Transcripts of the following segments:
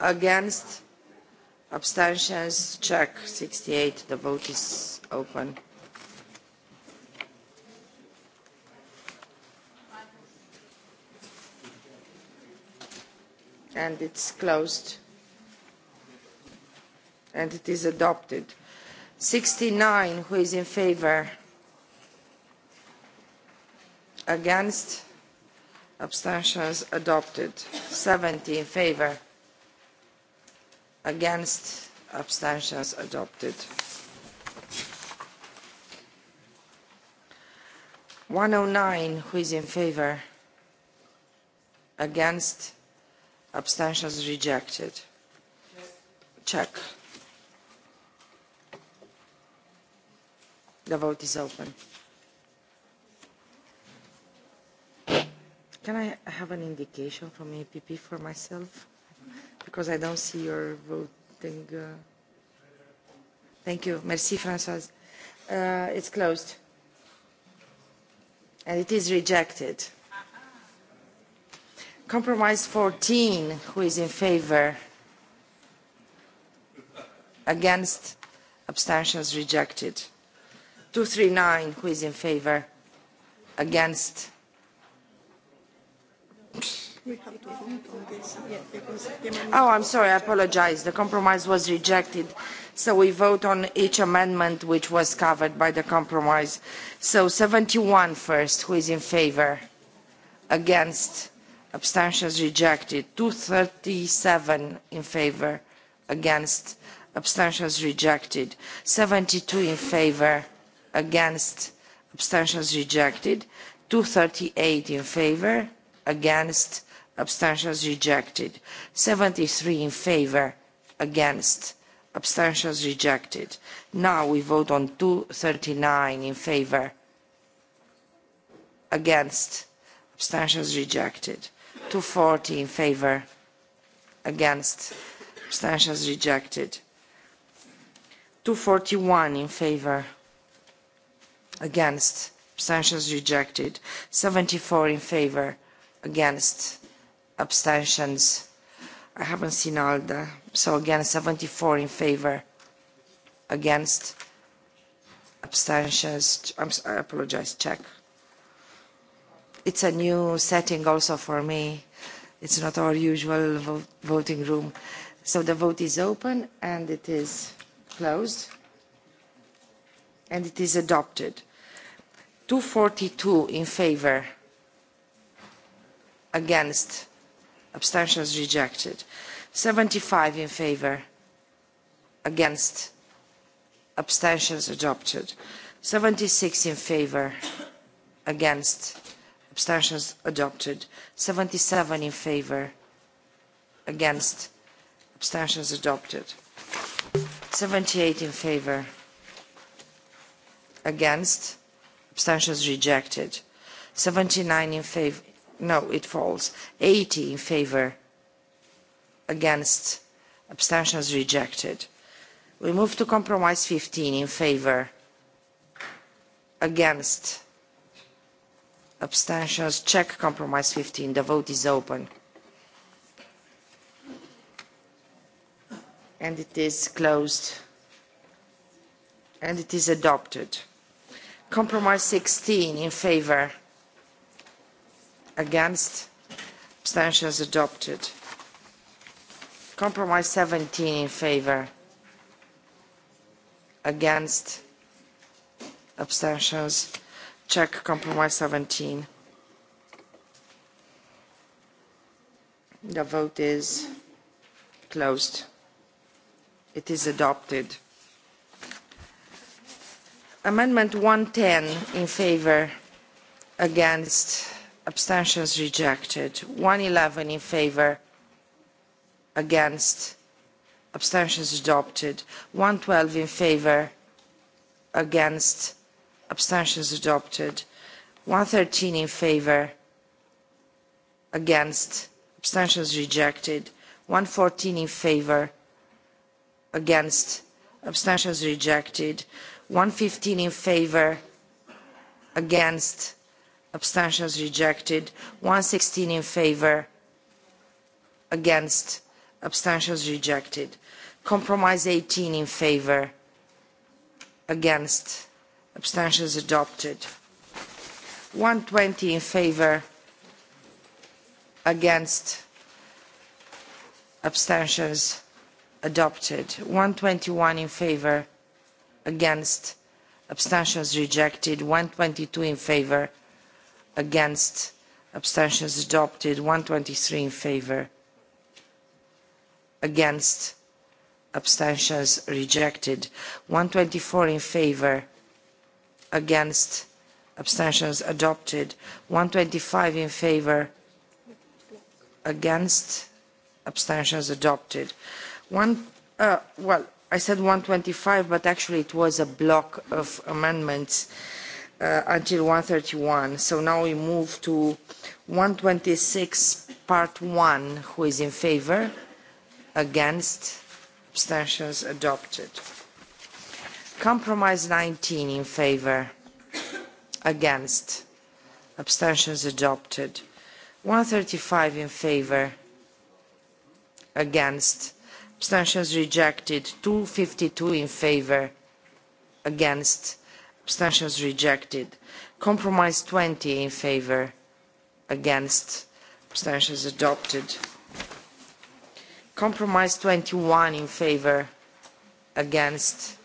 against abstentions check 68 the vote is open and it's closed and it is adopted 69 who is in favor against abstentions adopted 70 in favor against abstentions adopted 109 who is in favor against abstentions rejected check the vote is open can i have an indication from APP for myself because I don't see your voting. Uh... Thank you. Merci, Françoise. Uh, it's closed. And it is rejected. Compromise 14, who is in favor? Against? Abstentions rejected. 239, who is in favor? Against? Psst oh, I'm sorry, I apologize. The compromise was rejected. So we vote on each amendment which was covered by the compromise. So 71 first, who is in favor? Against? Abstentions rejected. 237 in favor. Against? Abstentions rejected. 72 in favor. Against? Abstentions rejected. 238 in favor. Against? abstentions rejected 73 in favor against abstentions rejected now we vote on 239 in favor against abstentions rejected 240 in favor against abstentions rejected 241 in favor against abstentions rejected 74 in favor against abstentions. I haven't seen all the, so again, 74 in favor, against, abstentions. I'm, I apologize, check. It's a new setting also for me. It's not our usual vo voting room. So the vote is open and it is closed and it is adopted. 242 in favor, against, abstentions rejected 75 in favor against abstentions adopted 76 in favor against abstentions adopted 77 in favor against abstentions adopted 78 in favor against abstentions rejected 79 in favor no, it falls. 80 in favor, against, abstentions rejected. We move to compromise 15 in favor, against, abstentions. Check compromise 15. The vote is open. And it is closed. And it is adopted. Compromise 16 in favor, against abstentions adopted compromise 17 in favor against abstentions check compromise 17 the vote is closed it is adopted amendment 110 in favor against abstentions rejected 111 in favor against abstentions adopted 112 in favor against abstentions adopted 113 in favor against abstentions rejected 114 in favor against abstentions rejected 115 in favor against abstentions rejected 116 in favor against abstentions rejected compromise 18 in favor against abstentions adopted 120 in favor against abstentions adopted 121 in favor against abstentions rejected 122 in favor against against abstentions adopted 123 in favor against abstentions rejected 124 in favor against abstentions adopted 125 in favor against abstentions adopted one uh, well i said 125 but actually it was a block of amendments uh, until 131. So now we move to 126, part 1. Who is in favor? Against? Abstentions adopted. Compromise 19 in favor. Against? Abstentions adopted. 135 in favor. Against? Abstentions rejected. 252 in favor. Against? abstentions rejected. Compromise 20 in favor, against, abstentions adopted. Compromise 21 in favor, against,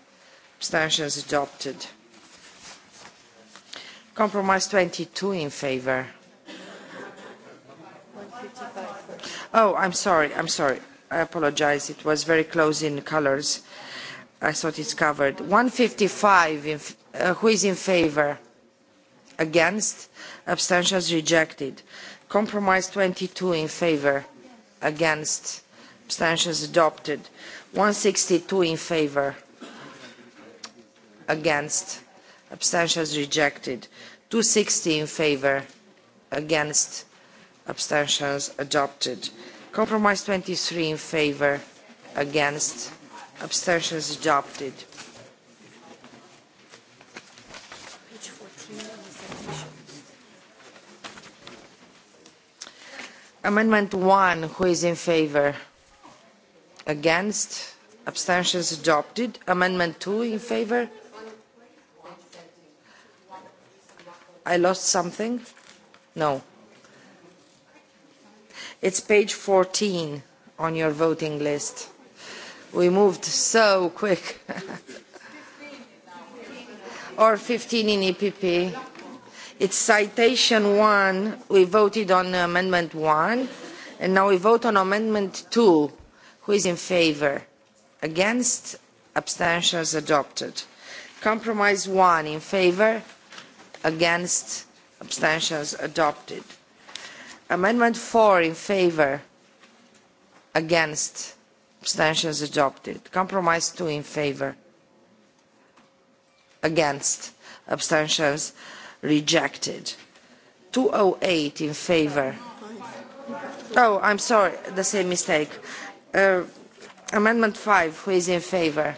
abstentions adopted. Compromise 22 in favor. Oh, I'm sorry, I'm sorry. I apologize, it was very close in colors. I thought it's covered. 155 in Uh, who is in favour? Against? Abstentions rejected. Compromise 22 in favour. Against? Abstentions adopted. 162 in favour. Against? Abstentions rejected. 260 in favour. Against? Abstentions adopted. Compromise 23 in favour. Against? Abstentions adopted. Amendment 1, who is in favor? Against? Abstentions adopted. Amendment 2, in favor? I lost something? No. It's page 14 on your voting list. We moved so quick. or 15 in EPP. It's citation one. We voted on amendment one. And now we vote on amendment two. Who is in favor? Against? Abstentions adopted. Compromise one in favor? Against? Abstentions adopted. Amendment four in favor? Against? Abstentions adopted. Compromise two in favor? Against? Abstentions adopted rejected 208 in favor oh i'm sorry the same mistake uh, amendment 5 who is in favor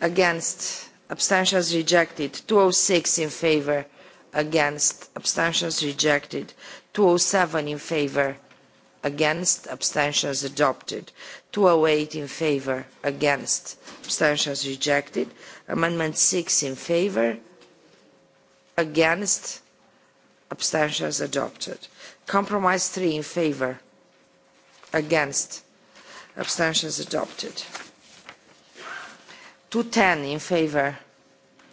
against abstentions rejected 206 in favor against abstentions rejected 207 in favor against abstentions adopted 208 in favor against abstentions rejected amendment 6 in favor against abstentions adopted compromise three in favor against abstentions adopted 210 in favor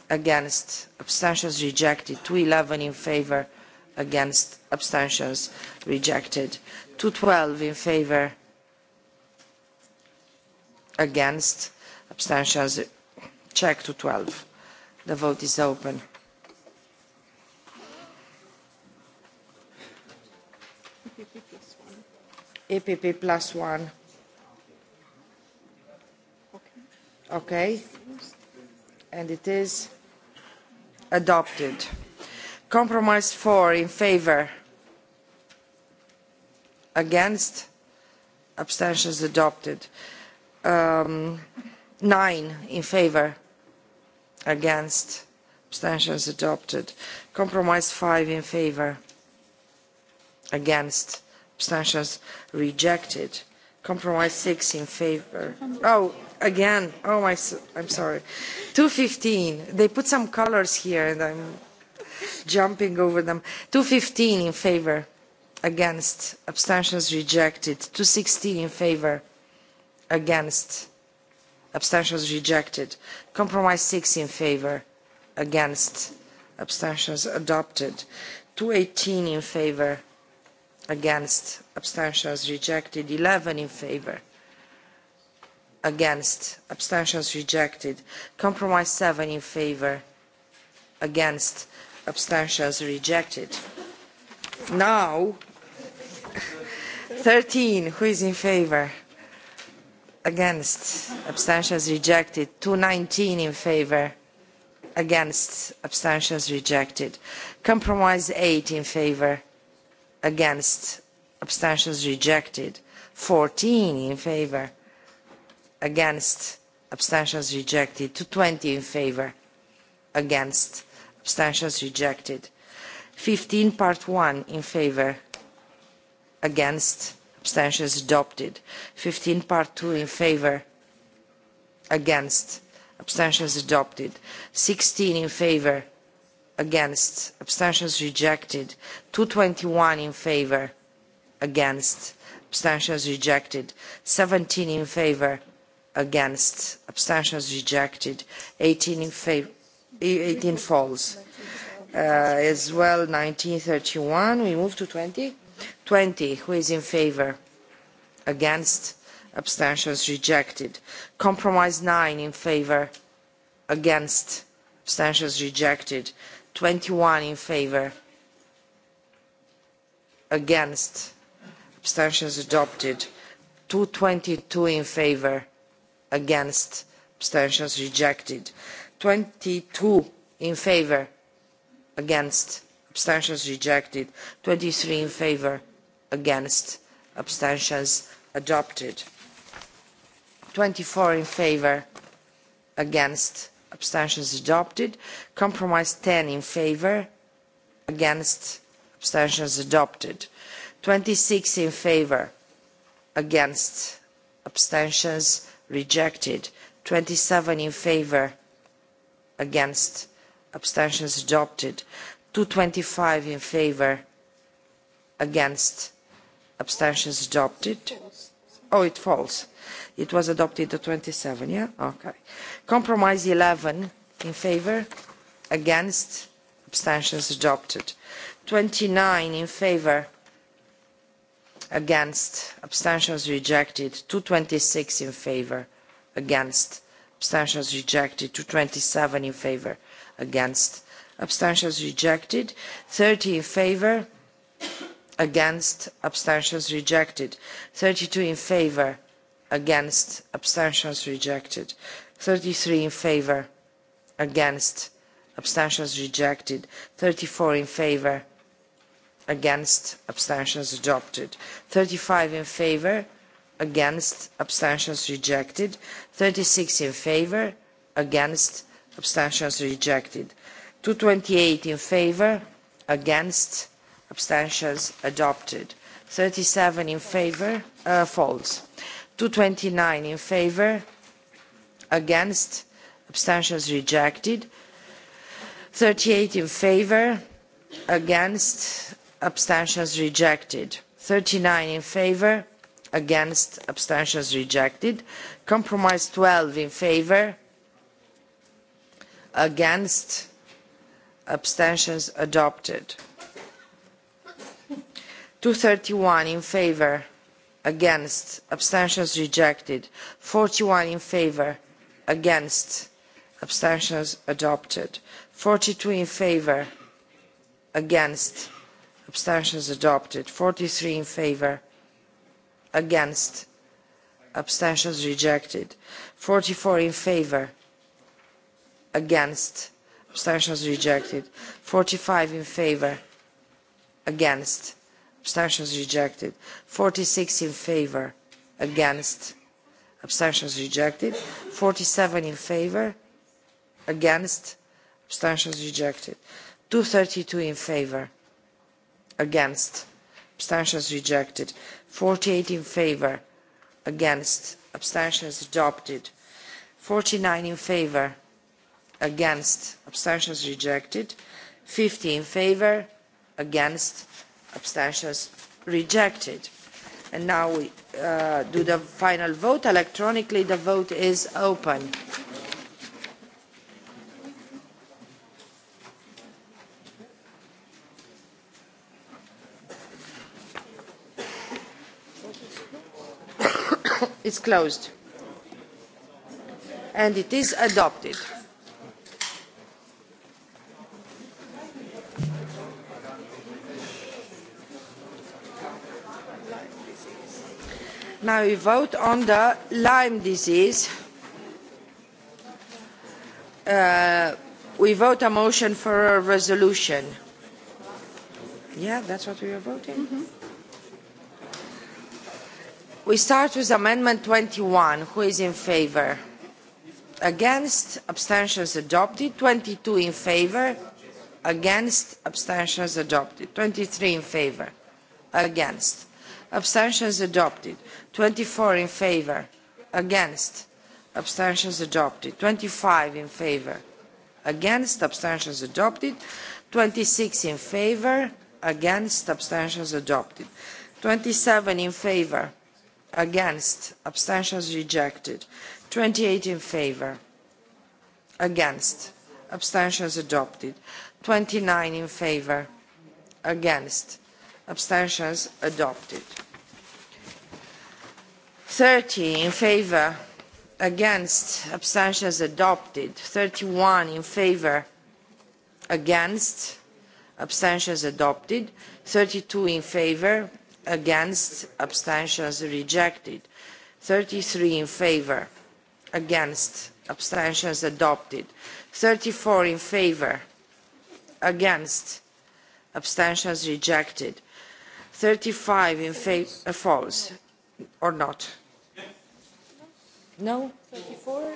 against abstentions rejected 211 in favor against abstentions rejected 212 in favor against abstentions check to twelve. the vote is open EPP plus one. Okay. And it is adopted. Compromise four in favor. Against. Abstentions adopted. Um, nine in favor. Against. Abstentions adopted. Compromise five in favor. Against abstentions rejected compromise six in favor oh again oh my i'm sorry 215 they put some colors here and i'm jumping over them 215 in favor against abstentions rejected 216 in favor against abstentions rejected compromise six in favor against abstentions adopted 218 in favor against abstentions rejected 11 in favor against abstentions rejected compromise 7 in favor against abstentions rejected now 13 who is in favor against abstentions rejected 219 in favor against abstentions rejected compromise 8 in favor against abstentions rejected 14 in favor against abstentions rejected 20 in favor against abstentions rejected 15 part 1 in favor against abstentions adopted 15 part 2 in favor against abstentions adopted 16 in favor against against abstentions rejected 221 in favor against abstentions rejected 17 in favor against abstentions rejected 18 in favor 18 falls uh, as well 1931 we move to 20 20 who is in favor against abstentions rejected compromise 9 in favor against abstentions rejected 21 in favor against abstentions adopted 222 in favor against abstentions rejected 22 in favor against abstentions rejected 23 in favor against abstentions adopted 24 in favor against abstentions adopted. Compromise 10 in favor, against, abstentions adopted. 26 in favor, against, abstentions rejected. 27 in favor, against, abstentions adopted. 225 in favor, against, abstentions adopted. Oh, it falls. It was adopted the 27, yeah? Okay compromise eleven in favour against abstentions adopted twenty nine in favour against abstentions rejected two twenty six in favour against abstentions rejected two twenty seven in favour against abstentions rejected thirty in favour against abstentions rejected thirty two in favour against abstentions rejected 33 in favor, against abstentions rejected 34 in favor, against abstentions adopted 35 in favor, against abstentions rejected 36 in favor, against abstentions rejected 228 in favor, against abstentions adopted 37 in favor uh, false 229 in favor against abstentions rejected 38 in favor against abstentions rejected 39 in favor against abstentions rejected compromise 12 in favor against abstentions adopted 231 in favor against abstentions rejected 41 in favor against abstentions adopted 42 in favour. against abstentions adopted 43 in favour. against abstentions rejected 44 in favour. against abstentions rejected 45 in favour. against abstentions rejected 46 in favour. against abstentions rejected 47 in favor against abstentions rejected 232 in favor against abstentions rejected 48 in favor against abstentions adopted 49 in favor against abstentions rejected 50 in favor against abstentions rejected And now we uh, do the final vote electronically. The vote is open. it's closed. And it is adopted. Now we vote on the Lyme disease. Uh, we vote a motion for a resolution. Yeah, that's what we are voting. Mm -hmm. We start with Amendment 21. Who is in favor? Against? Abstentions adopted. 22 in favor. Against? Abstentions adopted. 23 in favor. Against? abstentions adopted 24 in favor against abstentions adopted 25 in favor against abstentions adopted 26 in favor against abstentions adopted 27 in favor against abstentions rejected 28 in favor against abstentions adopted 29 in favor against abstentions adopted 30 in favor against abstentions adopted 31 in favor against abstentions adopted 32 in favor against abstentions rejected 33 in favor against abstentions adopted 34 in favor against abstentions rejected 35 in favor uh, false or not? No? 34?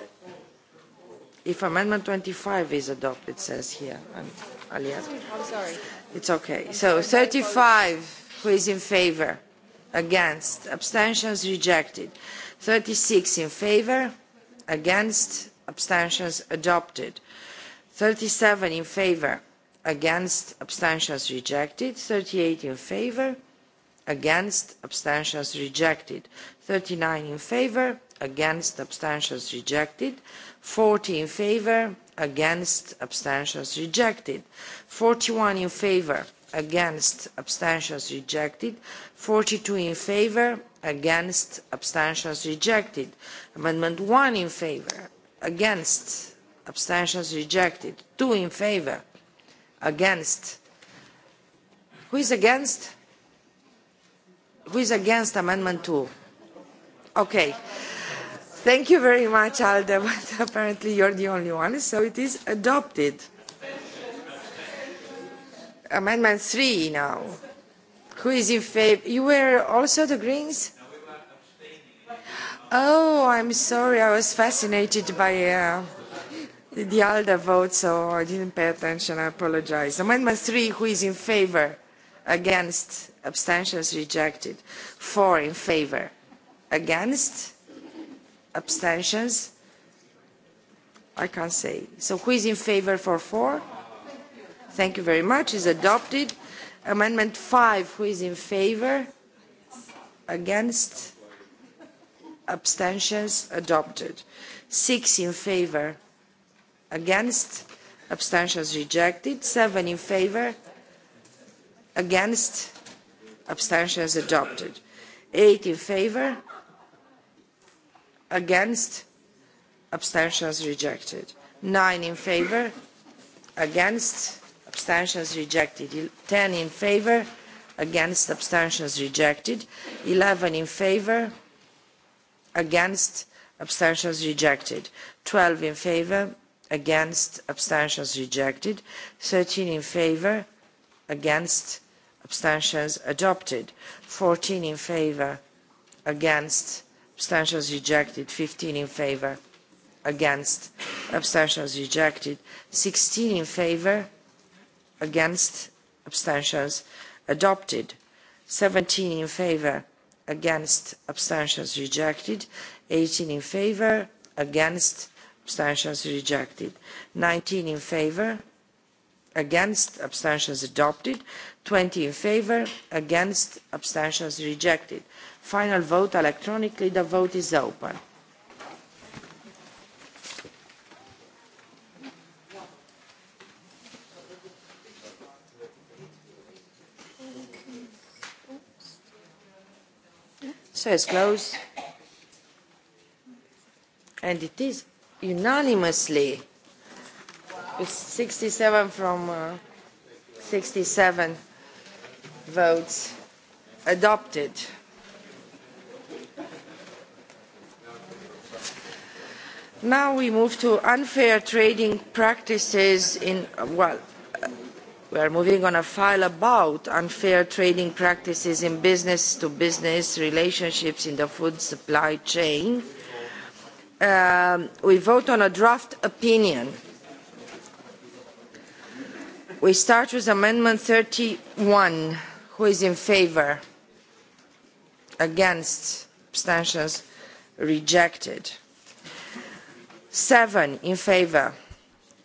If amendment 25 is adopted, it says here. I'm, I'm sorry. It's okay. So 35, who is in favor? Against. Abstentions rejected. 36 in favor. Against. Abstentions adopted. 37 in favor. Against. Abstentions rejected. 38 in favor against abstentions rejected 39 in favor against abstentions rejected 40 in favor against abstentions rejected 41 in favor against abstentions rejected 42 in favor against abstentions rejected amendment 1 in favor against abstentions rejected 2 in favor against who is against Who is against Amendment two? Okay. Thank you very much, Alda, but apparently you're the only one, so it is adopted. Amendment three now. Who is in favor? You were also the Greens? Oh, I'm sorry. I was fascinated by uh, the ALDA vote, so I didn't pay attention. I apologize. Amendment three. who is in favor? against abstentions rejected four in favor against abstentions i can't say so who is in favor for four thank you very much is adopted amendment five who is in favor against abstentions adopted six in favor against abstentions rejected seven in favor against abstentions adopted 8 in favor against abstentions rejected 9 in favor against abstentions rejected 10 in favor against abstentions rejected 11 in favor against abstentions rejected 12 in favor against abstentions rejected 13 in favor against abstentions adopted 14 in favor against abstentions rejected 15 in favor against abstentions rejected 16 in favor against abstentions adopted 17 in favor against abstentions rejected 18 in favor against abstentions rejected 19 in favor against abstentions adopted 20 in favour against abstentions rejected final vote electronically the vote is open so it's closed and it is unanimously it's 67 from uh, 67 votes adopted. Now we move to unfair trading practices in, well, we are moving on a file about unfair trading practices in business-to-business relationships in the food supply chain. Um, we vote on a draft opinion. We start with Amendment 31. Who is in favor? Against? Abstentions? Rejected. Seven in favor?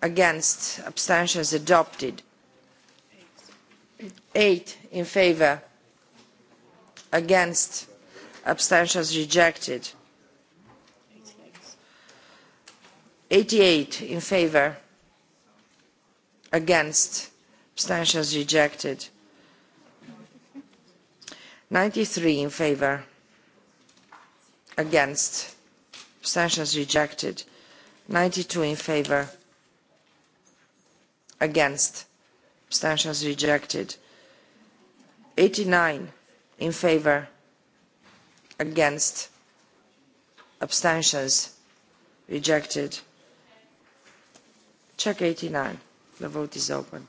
Against? Abstentions? Adopted. Eight in favor? Against? Abstentions? Rejected. 88 in favor against abstentions rejected 93 in favour against abstentions rejected 92 in favour against abstentions rejected 89 in favour against abstentions rejected check 89 the vote is open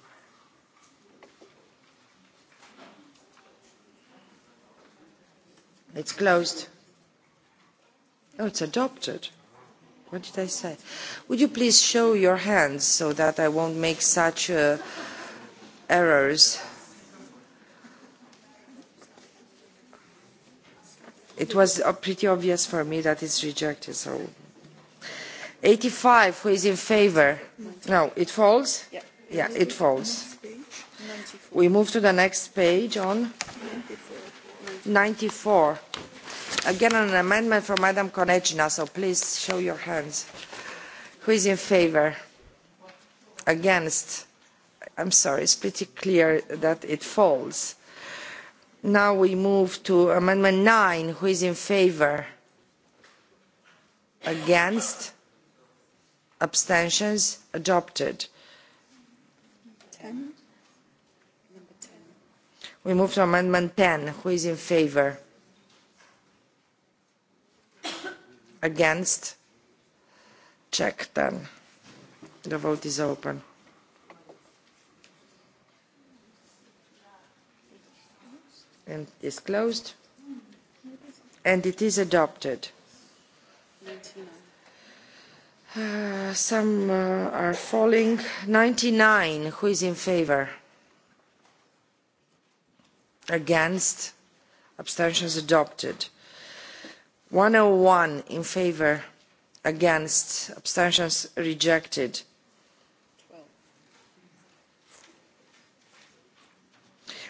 It's closed. Oh, it's adopted. What did I say? Would you please show your hands so that I won't make such uh, errors? It was uh, pretty obvious for me that it's rejected, so... 85, who is in favor? No, it falls? Yeah, yeah it falls. We move to the next page on... 94. 94. Again, an amendment from Madam Konechina, so please show your hands. Who is in favor? Against? I'm sorry, it's pretty clear that it falls. Now we move to Amendment 9. Who is in favor? Against? Abstentions? Adopted. 10. We move to amendment 10. Who is in favor? Against? Check 10. The vote is open. And is closed. And it is adopted. Uh, some uh, are falling. 99. Who is in favor? against abstentions adopted 101 in favor against abstentions rejected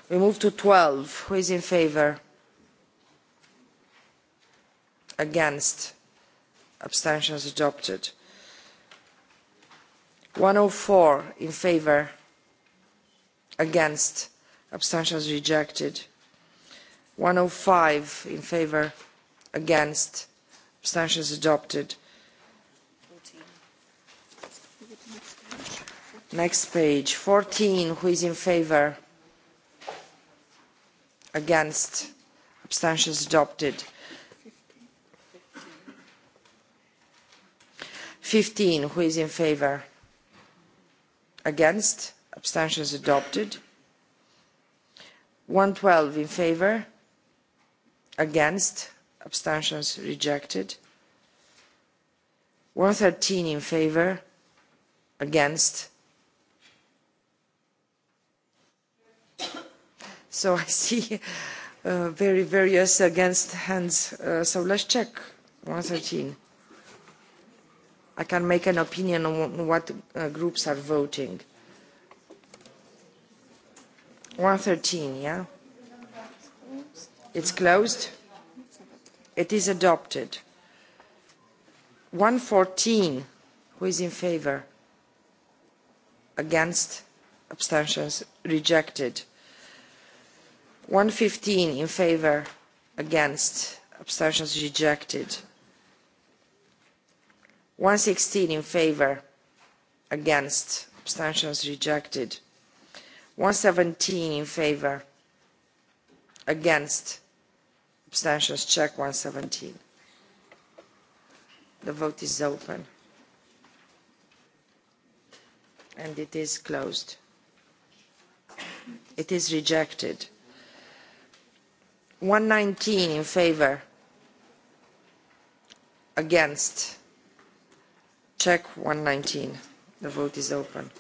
we move to 12 who is in favor against abstentions adopted 104 in favor against abstentions rejected 105 in favor against abstentions adopted next page 14 who is in favor against abstentions adopted 15 who is in favor against abstentions adopted 112 in favor against abstentions rejected 113 in favor against so i see uh, very various against hands uh, so let's check 113 i can make an opinion on what uh, groups are voting 113, yeah? It's closed. It is adopted. 114, who is in favor? Against? Abstentions? Rejected. 115, in favor? Against? Abstentions? Rejected. 116, in favor? Against? Abstentions? Rejected. 117 in favor against abstentions check 117 the vote is open and it is closed it is rejected 119 in favor against check 119 the vote is open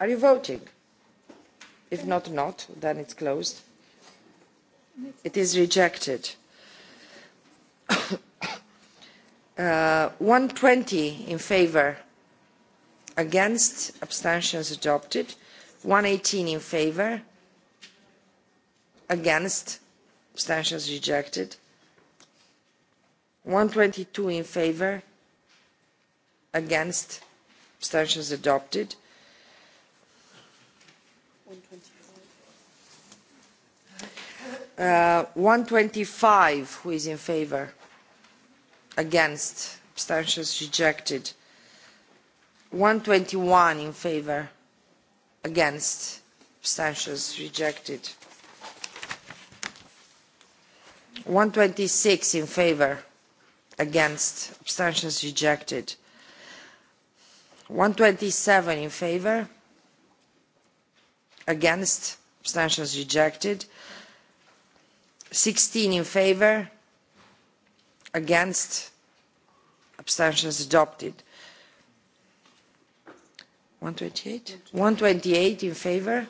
Are you voting? If not, not, then it's closed. It is rejected. uh, 120 in favor, against, abstentions adopted. 118 in favor, against, abstentions rejected. 122 in favor, against, abstentions adopted. 125, uh, who is in favor? Against. Abstentions rejected. 121 in favor. Against. Abstentions rejected. 126 in favor. Against. Abstentions rejected. 127 in favor. Against. Abstentions rejected. 16 in favour against abstentions adopted 128 128 in favour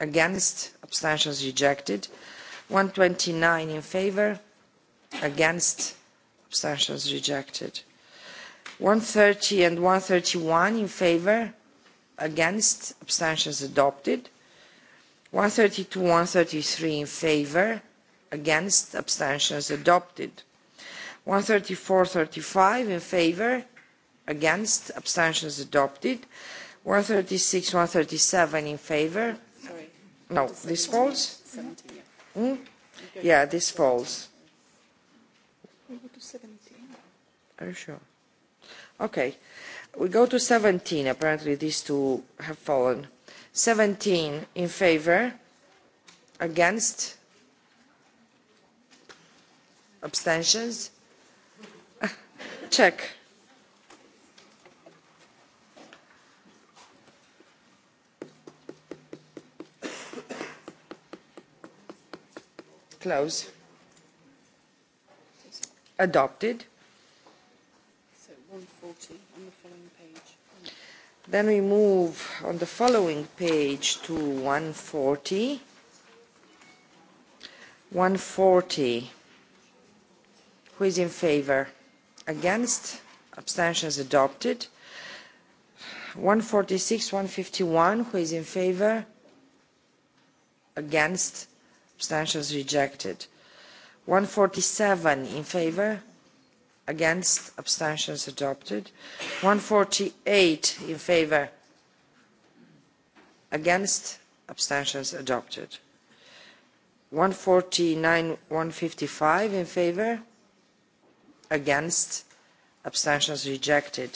against abstentions rejected 129 in favour against abstentions rejected 130 and 131 in favour against abstentions adopted 132, 133 in favor, against, abstentions adopted. 134, 35 in favor, against, abstentions adopted. 136, 137 in favor. Sorry. No, this falls? 70, yeah. Hmm? yeah, this falls. 17. Are you sure? Okay. We go to 17. Apparently these two have fallen. 17 in favor against abstentions check close adopted Then we move on the following page to 140. 140. Who is in favor? Against? Abstentions adopted. 146, 151. Who is in favor? Against? Abstentions rejected. 147 in favor? against abstentions adopted 148 in favor against abstentions adopted 149 155 in favor against abstentions rejected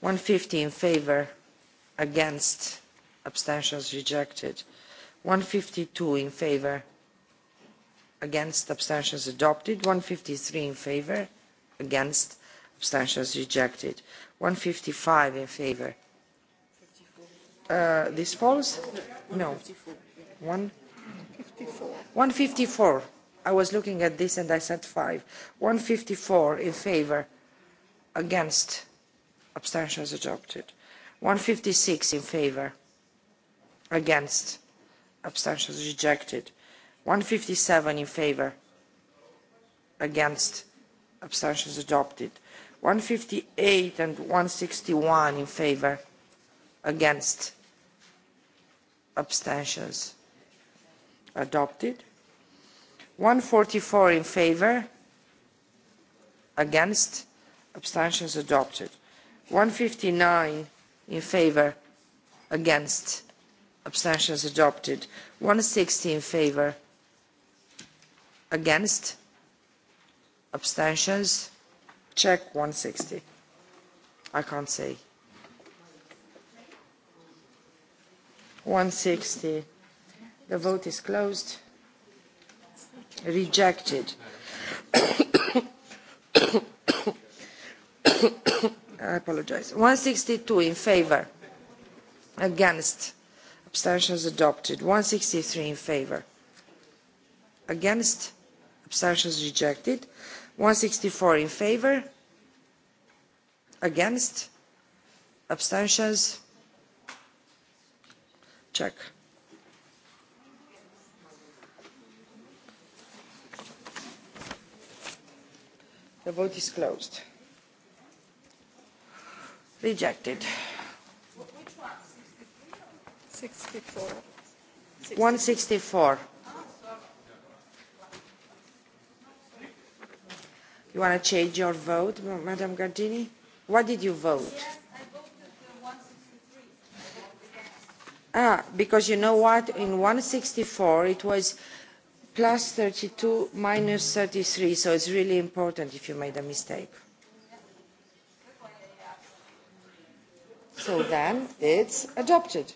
150 in favor against abstentions rejected 152 in favor against abstentions adopted 153 in favor against abstentions rejected 155 in favor uh, this falls no 154 154 I was looking at this and I said 5 154 in favor against abstentions adopted 156 in favor against abstentions rejected 157 in favor against abstentions adopted 158 and 161 in favor against abstentions adopted 144 in favor against abstentions adopted 159 in favor against abstentions adopted 160 in favor against abstentions check 160 i can't see 160 the vote is closed rejected i apologize 162 in favor against abstentions adopted 163 in favor against abstentions rejected 164 in favor, against abstentions check the vote is closed rejected 164 164 You want to change your vote, Madam Gardini? What did you vote? Yes, Ah, because you know what? In 164, it was plus 32 minus 33, so it's really important if you made a mistake. So then it's adopted.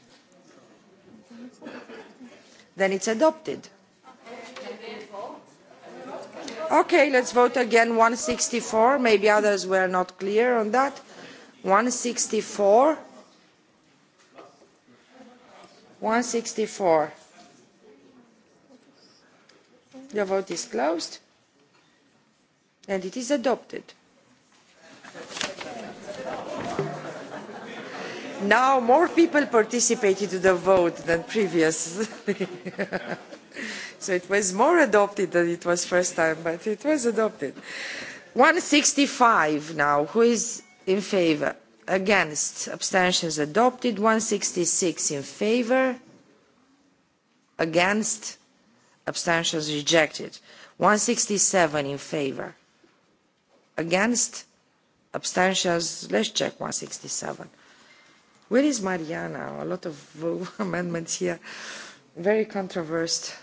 Then it's adopted. Okay, let's vote again 164. Maybe others were not clear on that. 164. 164. The vote is closed. And it is adopted. Now more people participated to the vote than previously. So it was more adopted than it was first time, but it was adopted. 165 now. Who is in favor? Against. Abstentions adopted. 166 in favor. Against. Abstentions rejected. 167 in favor. Against. Abstentions. Let's check 167. Where is Mariana? A lot of amendments here. Very controversial.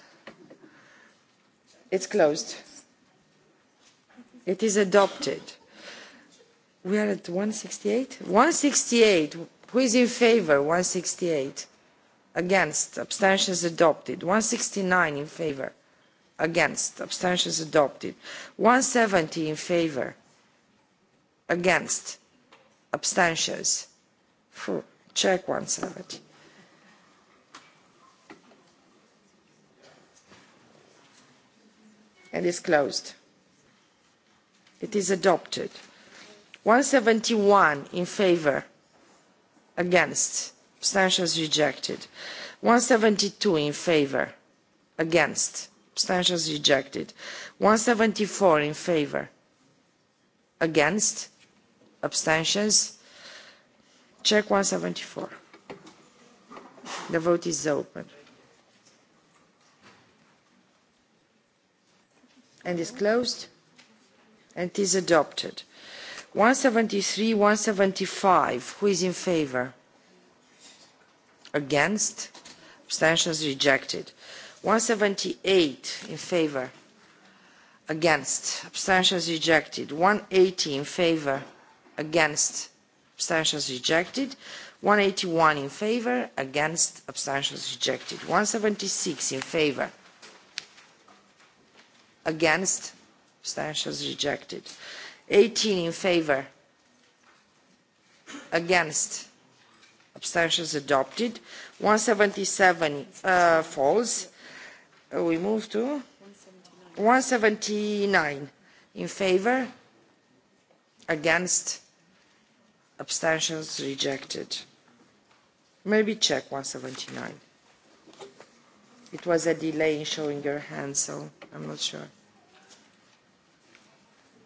It's closed. It is adopted. We are at 168. 168. Who is in favor? 168. Against. Abstentions adopted. 169 in favor. Against. Abstentions adopted. 170 in favor. Against. Abstentions. Check 170. and is closed. It is adopted. 171 in favor, against, abstentions rejected. 172 in favor, against, abstentions rejected. 174 in favor, against, abstentions. Check 174. The vote is open. and is closed and is adopted 173 175 who is in favor against abstentions rejected 178 in favor against abstentions rejected 180 in favor against abstentions rejected 181 in favor against abstentions rejected 176 in favor against abstentions rejected 18 in favor against abstentions adopted 177 uh, falls uh, we move to 179 in favor against abstentions rejected maybe check 179 it was a delay in showing your hand so i'm not sure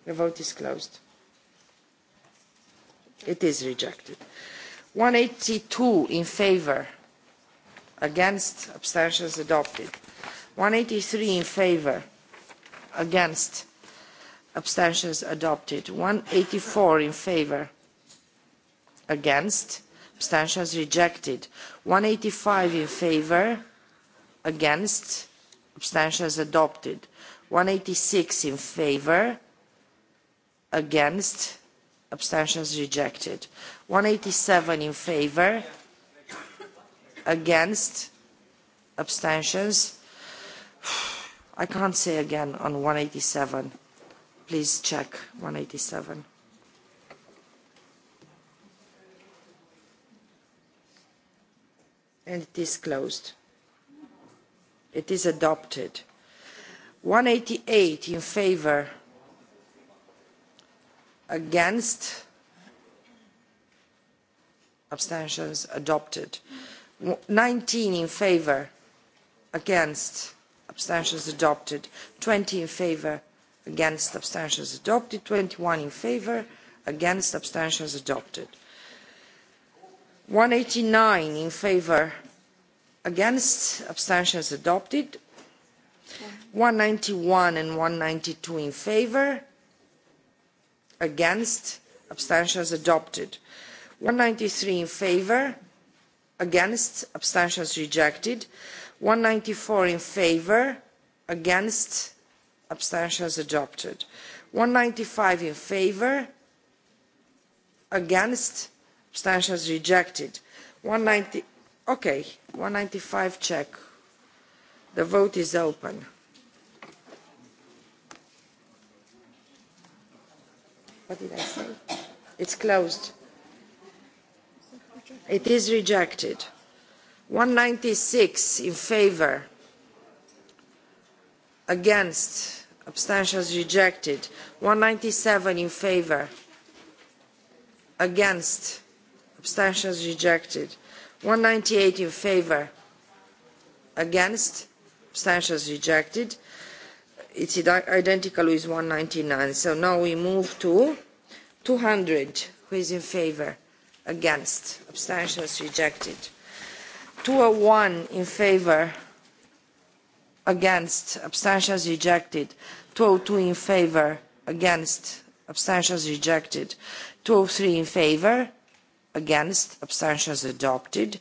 The vote is closed. It is rejected. 182 in favor, against, abstentions adopted. 183 in favor, against, abstentions adopted. 184 in favor, against, abstentions rejected. 185 in favor, against, abstentions adopted. 186 in favor, against abstentions rejected 187 in favor against abstentions I can't say again on 187 please check 187 and it is closed it is adopted 188 in favor against abstentions adopted 19 in favor against abstentions adopted 20 in favor against abstentions adopted 21 in favor against abstentions adopted 189 in favor against abstentions adopted 191 and 192 in favor against abstentions adopted 193 in favor against abstentions rejected 194 in favor against abstentions adopted 195 in favor against abstentions rejected 190 okay 195 check the vote is open What did I say? It's closed. It is rejected. 196 in favor. Against. Abstentions rejected. 197 in favor. Against. Abstentions rejected. 198 in favor. Against. Abstentions rejected. It's identical with 199. So now we move to 200. Who is in favor? Against. Abstentions rejected. 201 in favor. Against. Abstentions rejected. 202 in favor. Against. Abstentions rejected. 203 in favor. Against. Abstentions adopted.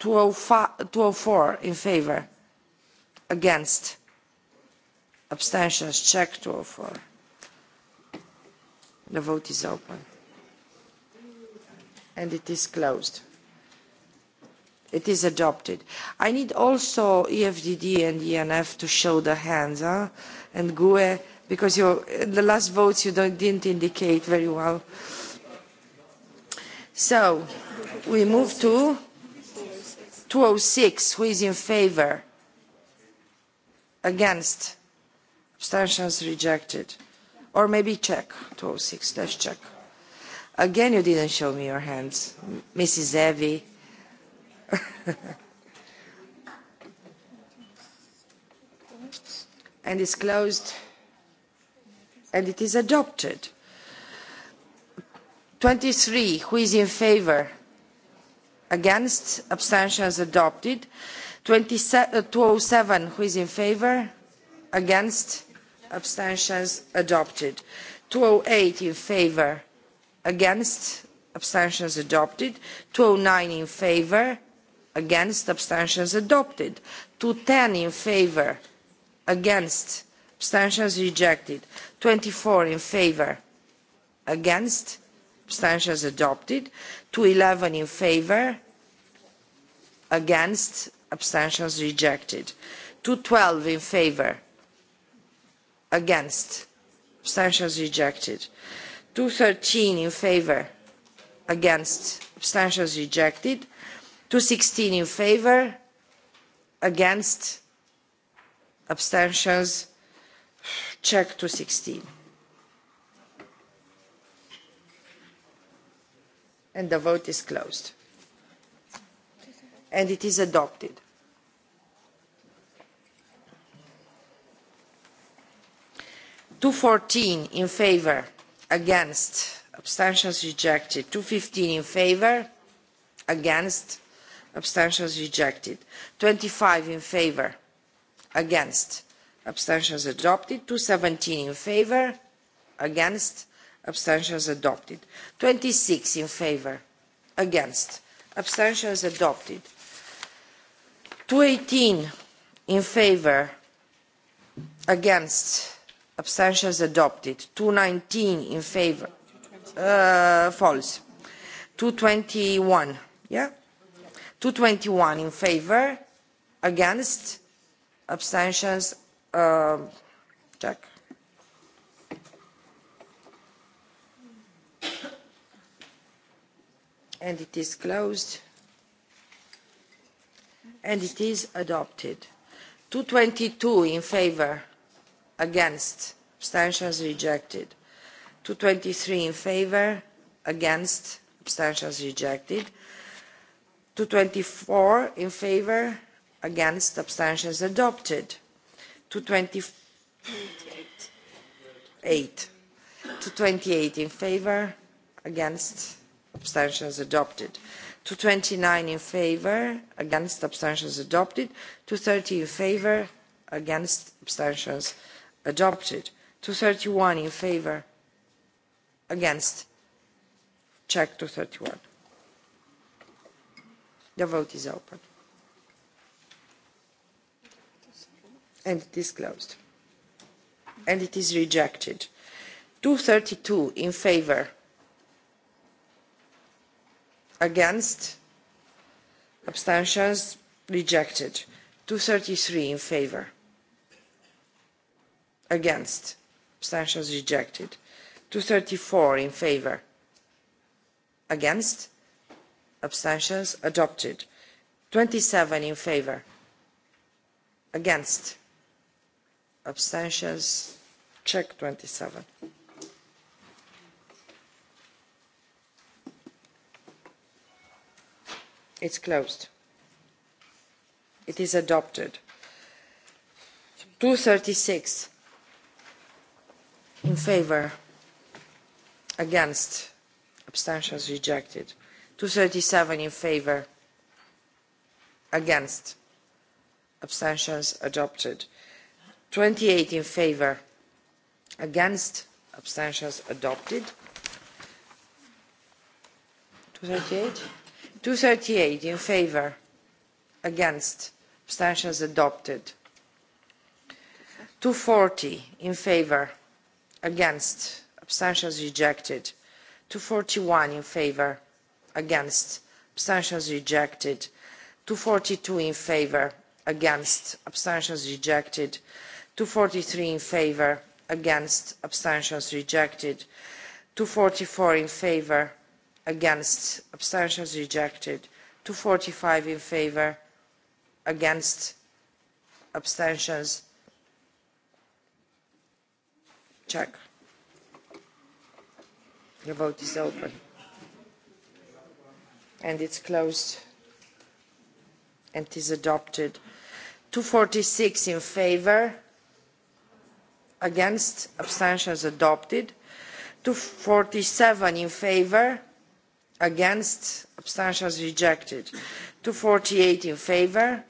204 in favor. Against abstentions check 204 the vote is open and it is closed it is adopted i need also efdd and enf to show the hands huh? and gue because you're, in the last votes you don't, didn't indicate very well so we move to 206 who is in favor against abstentions rejected or maybe check 206 let's check again you didn't show me your hands mrs evi and it's closed and it is adopted 23 who is in favor against abstentions adopted 27 uh, who is in favor against abstentions adopted 208 in favor against abstentions adopted 209 in favor against abstentions adopted 210 in favor against abstentions rejected 24 in favor against abstentions adopted 211 in favor against abstentions rejected 212 in favor against abstentions rejected 213 in favor against abstentions rejected 216 in favor against abstentions check 216 and the vote is closed and it is adopted 214 in favour against abstentions rejected 215 in favour against abstentions rejected 25 in favour against abstentions adopted 217 in favour against abstentions adopted 26 in favour against abstentions adopted 218 in favour against abstentions adopted 219 in favor uh, false 221 yeah 221 in favor against abstentions uh, um, check and it is closed and it is adopted 222 in favor against abstentions rejected 223 in favor against abstentions rejected 224 in favor against abstentions adopted 228 228 in favor against abstentions adopted 229 in favor against abstentions adopted 230 in favor against abstentions adopted adopted 231 in favor against check 231 the vote is open and it is closed and it is rejected 232 in favor against abstentions rejected 233 in favor against abstentions rejected 234 in favor against abstentions adopted 27 in favor against abstentions check 27 it's closed it is adopted 236 in favor against abstentions rejected 237 in favor against abstentions adopted 28 in favor against abstentions adopted 238 238 in favor against abstentions adopted 240 in favor against abstentions rejected 241 in favor against abstentions rejected 242 in favor against abstentions rejected 243 in favor against abstentions rejected 244 in favor against abstentions rejected 245 in favor against abstentions Check. The vote is open. And it's closed. And is adopted. 246 in favor. Against. Abstentions adopted. 247 in favor. Against. Abstentions rejected. 248 in favor.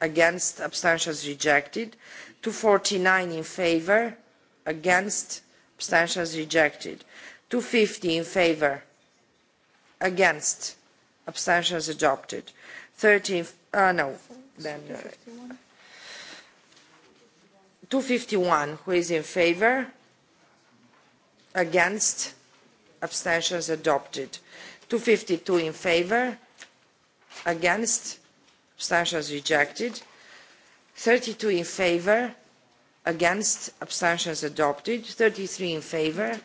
Against. Abstentions rejected. 249 in favor against abstentions rejected 250 in favor against abstentions adopted 13 uh, no then uh, 251 who is in favor against abstentions adopted 252 in favor against abstentions rejected 32 in favor against abstentions adopted 33 in favor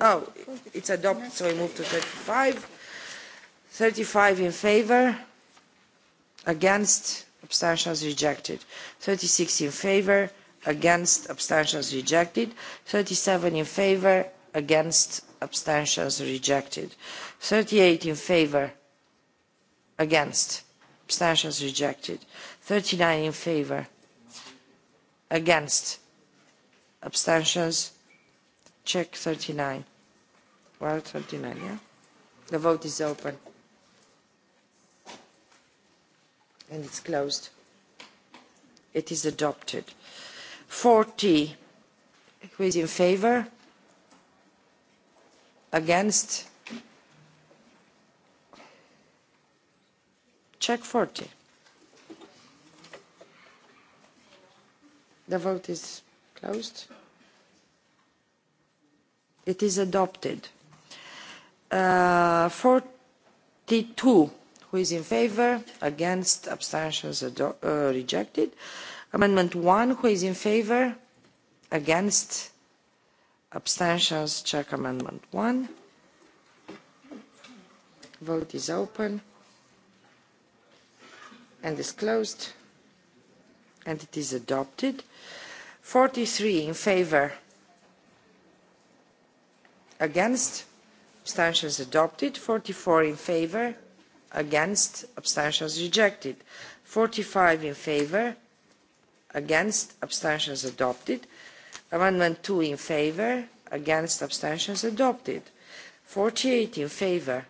oh it's adopted so we move to 35 35 in favor against abstentions rejected 36 in favor against abstentions rejected 37 in favor against abstentions rejected 38 in favor against abstentions rejected 39 in favor against abstentions check 39 well 39 yeah the vote is open and it's closed it is adopted 40 who is in favor against check 40 The vote is closed. It is adopted. Uh, 42, who is in favor? Against, abstentions uh, rejected. Amendment 1, who is in favor? Against, abstentions, check amendment 1. Vote is open and is closed and it is adopted. 43 in favor, against, abstentions adopted. 44 in favor, against, abstentions rejected. 45 in favor, against, abstentions adopted. Amendment 2 in favor, against, abstentions adopted. 48 in favor,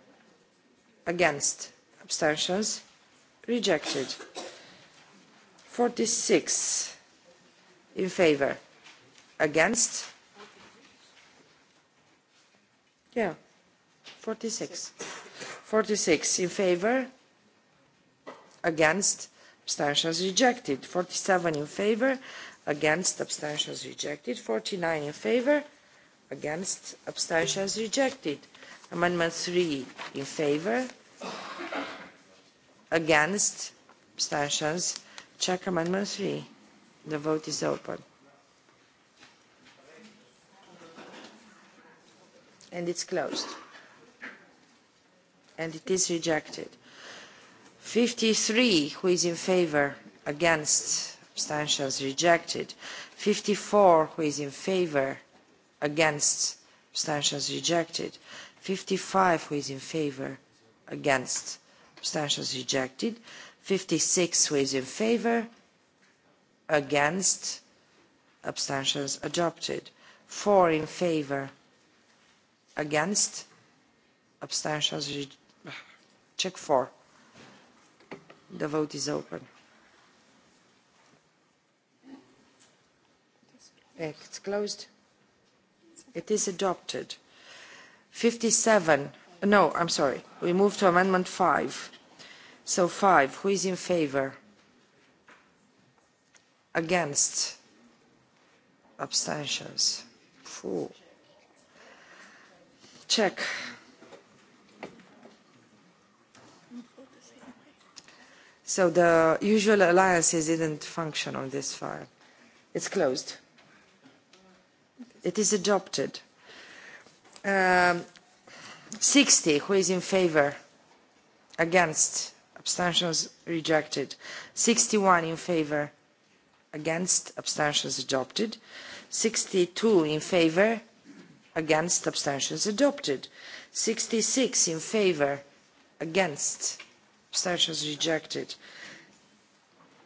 against, abstentions rejected. 46 in favor against yeah 46 46 in favor against abstentions rejected 47 in favor against abstentions rejected 49 in favor against abstentions rejected amendment 3 in favor against abstentions check amendment three. The vote is open. And it's closed. And it is rejected. 53, who is in favor? Against? Abstentions rejected. 54, who is in favor? Against? Abstentions rejected. 55, who is in favor? Against? Abstentions rejected. 56 who is in favour against abstentions adopted 4 in favour against abstentions check four. the vote is open it's closed it is adopted 57 no i'm sorry we move to amendment five. So five, who is in favor? Against? Abstentions? Four. Check. So the usual alliances didn't function on this file. It's closed. It is adopted. Um, 60, who is in favor? Against? abstentions rejected 61 in favor against abstentions adopted 62 in favor against abstentions adopted 66 in favor against abstentions rejected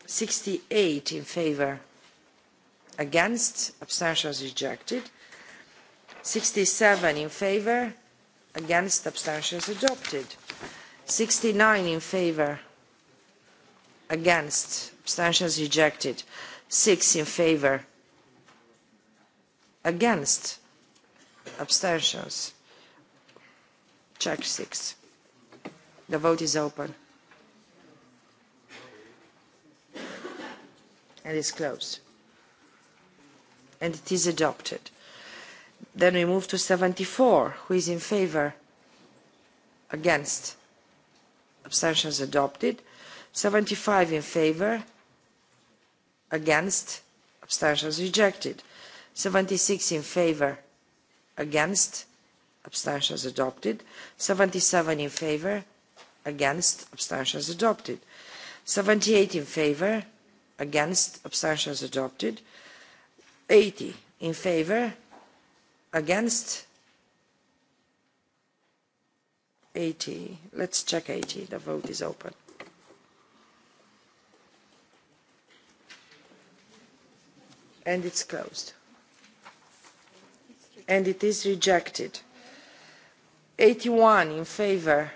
68 in favor against abstentions rejected 67 in favor against abstentions adopted 69 in favor, against abstentions rejected 6 in favor, against abstentions check 6 the vote is open and is closed and it is adopted then we move to 74 who is in favor? against abstentions adopted 75 in favor against abstentions rejected 76 in favor against abstentions adopted 77 in favor against abstentions adopted 78 in favor against abstentions adopted 80 in favor against 80. Let's check 80. The vote is open. And it's closed. And it is rejected. 81 in favor,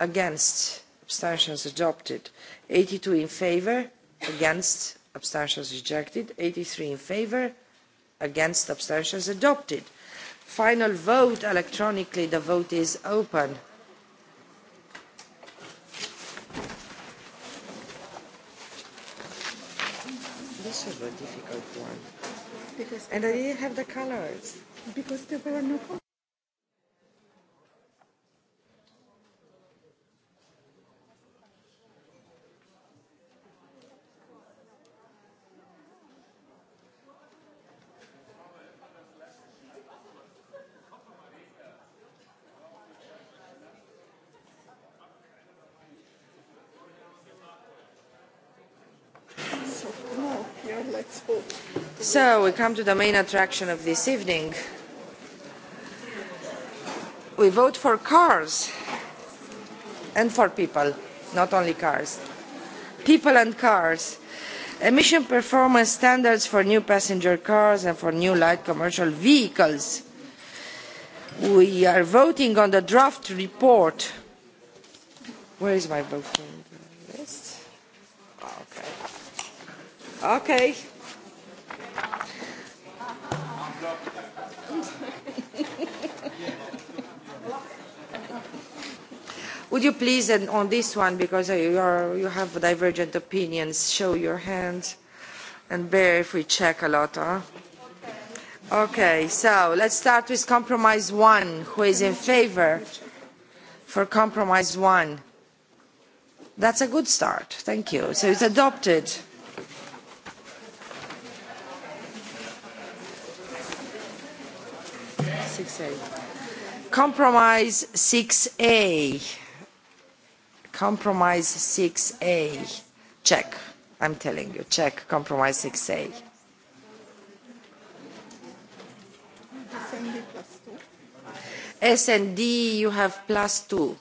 against, abstentions adopted. 82 in favor, against, abstentions rejected. 83 in favor, against, abstentions adopted. Final vote electronically. The vote is open. This was a difficult one. Because and I didn't have the colors. Because there were no colors. So, we come to the main attraction of this evening. We vote for cars and for people, not only cars. People and cars. Emission performance standards for new passenger cars and for new light commercial vehicles. We are voting on the draft report. Where is my voting list? Okay. Okay. Would you please, and on this one, because you, are, you have divergent opinions, show your hands and bear if we check a lot, huh? Okay, so let's start with compromise one. Who is in favor for compromise one? That's a good start. Thank you. So it's adopted. Six A. Compromise six A. Compromise 6A. Check. I'm telling you, check Compromise 6A. S and D, you have plus two.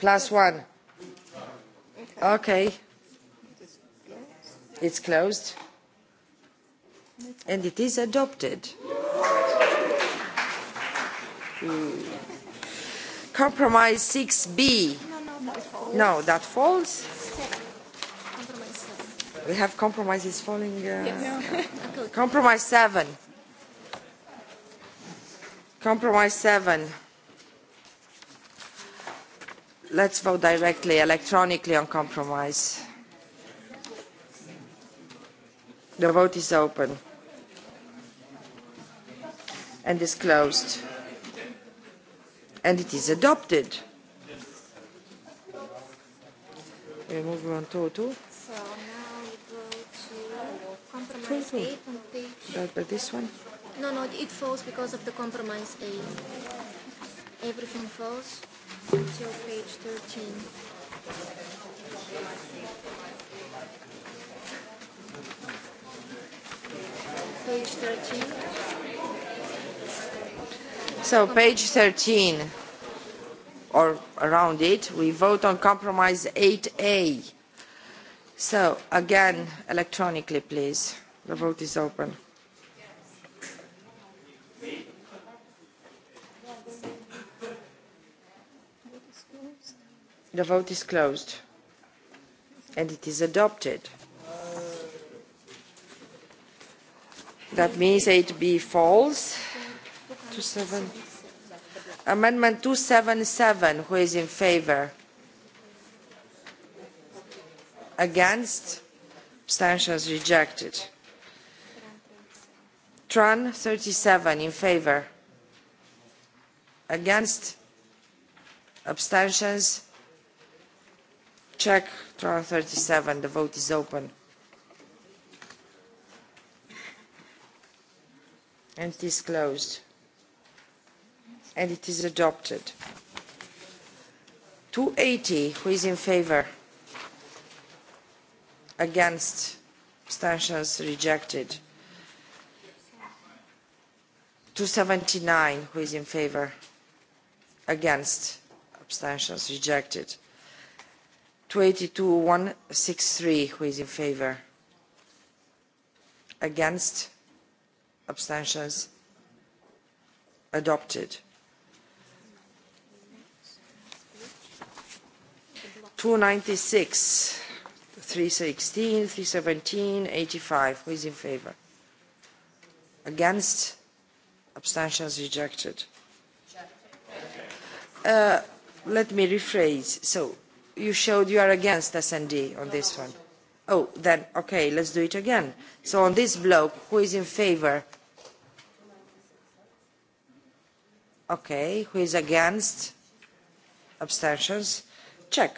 plus one. Okay. It's closed. And it is adopted. Hmm. Compromise 6B. No, that falls. We have compromises falling. Uh, compromise 7. Compromise 7. Let's vote directly, electronically on compromise. The vote is open and is closed and it is adopted. We move on to, to. So now we go to on page. But, but this one? No, no, it falls because of the compromise 8. Everything falls until page 13. Page 13. So, page 13, or around it, we vote on compromise 8A. So, again, electronically, please. The vote is open. The vote is closed. And it is adopted. That means 8B falls. Amendment 277, who is in favor? Against? Abstentions rejected. Tran 37 in favor. Against? Abstentions? Check Tran 37. The vote is open. And it is closed and it is adopted. 280, who is in favor? Against, abstentions rejected. 279, who is in favor? Against, abstentions rejected. 282, 163, who is in favor? Against, abstentions adopted. 296, 316, 317, 85. Who is in favor? Against? Abstentions rejected. Uh, let me rephrase. So you showed you are against SND on this one. Oh, then, okay, let's do it again. So on this block, who is in favor? Okay, who is against? Abstentions? check.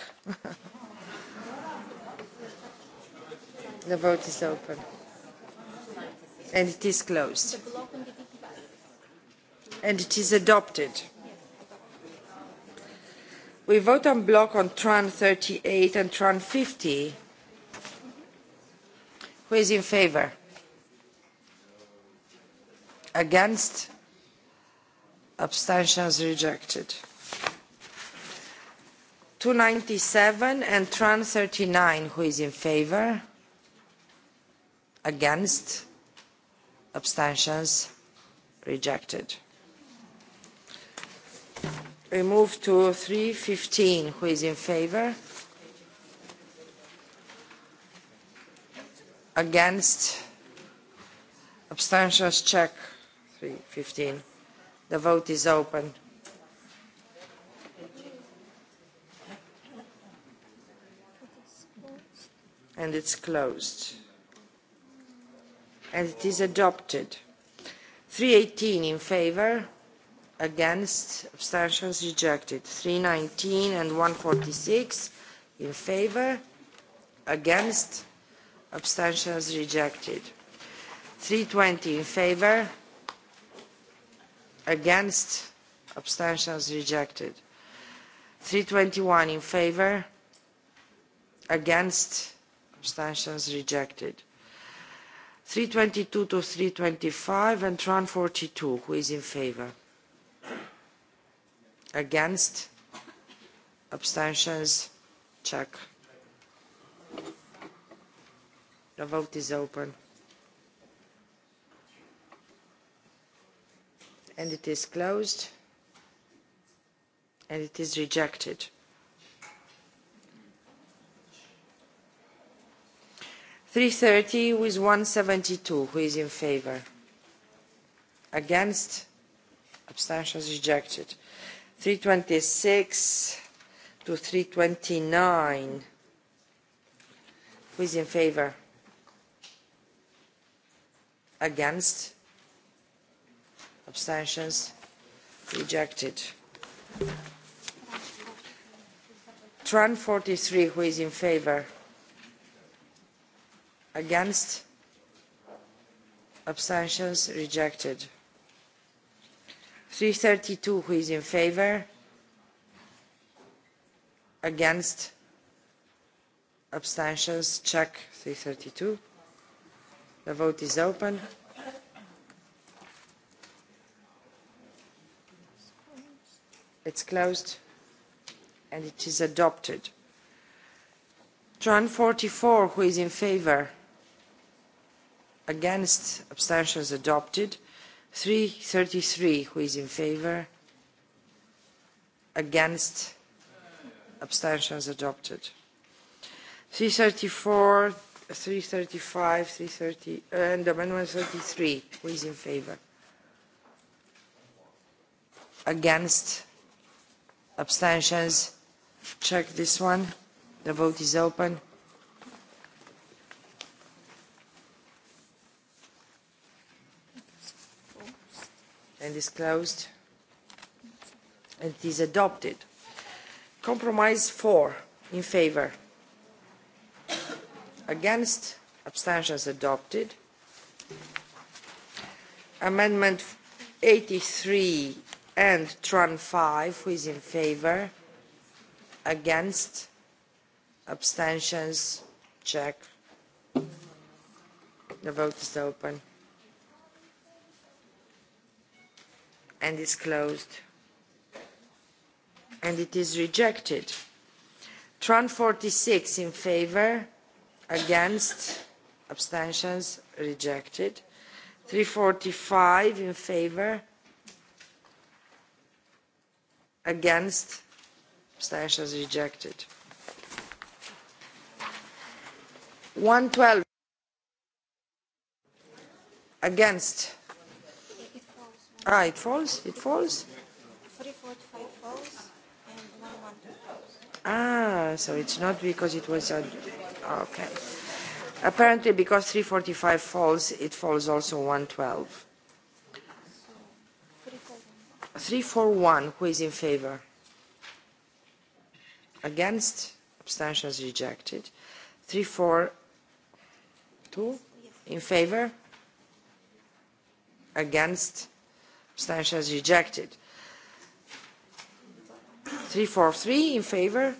the vote is open. And it is closed. And it is adopted. We vote on block on Tran 38 and Tran 50. Who is in favor? Against? Abstentions rejected. 297 and Tran 39, who is in favor? Against? Abstentions? Rejected. We move to 315, who is in favor? Against? Abstentions? Check. 315. The vote is open. and it's closed and it is adopted 318 in favor against abstentions rejected 319 and 146 in favor against abstentions rejected 320 in favor against abstentions rejected 321 in favor against abstentions rejected 322 to 325 and forty two who is in favor against abstentions check the vote is open and it is closed and it is rejected 330 with 172. Who is in favor? Against? Abstentions rejected. 326 to 329. Who is in favor? Against? Abstentions? Rejected. Tran 43, who is in favor? against abstentions rejected 332 who is in favor against abstentions check 332 the vote is open it's closed and it is adopted tran 44 who is in favor against abstentions adopted 333 who is in favor against abstentions adopted 334 335 330 and amendment 33 who is in favor against abstentions check this one the vote is open and is closed. It is adopted. Compromise four in favor. Against abstentions adopted. Amendment 83 and Tran 5 who is in favor. Against abstentions check. The vote is open. and is closed and it is rejected tran 46 in favor against abstentions rejected 345 in favor against abstentions rejected 112 against Ah, it falls? It falls? 345 falls and 112 falls. Ah, so it's not because it was a... Ah, okay. Apparently because 345 falls, it falls also 112. 341, who is in favor? Against? Abstentions rejected. 342, in favor? Against? abstentions rejected Three three in favor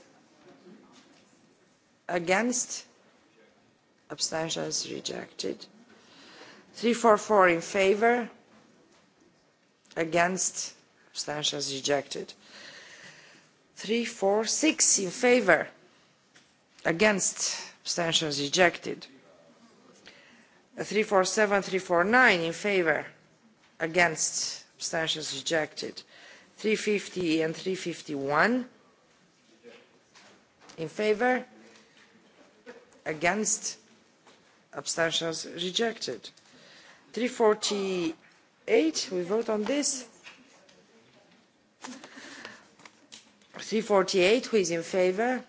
against abstentions rejected Three four in favor against abstentions rejected Three six in favor against abstentions rejected Three three seven, 347 nine in favor against abstentions rejected 350 and 351 in favor against abstentions rejected 348 we vote on this 348 who is in favor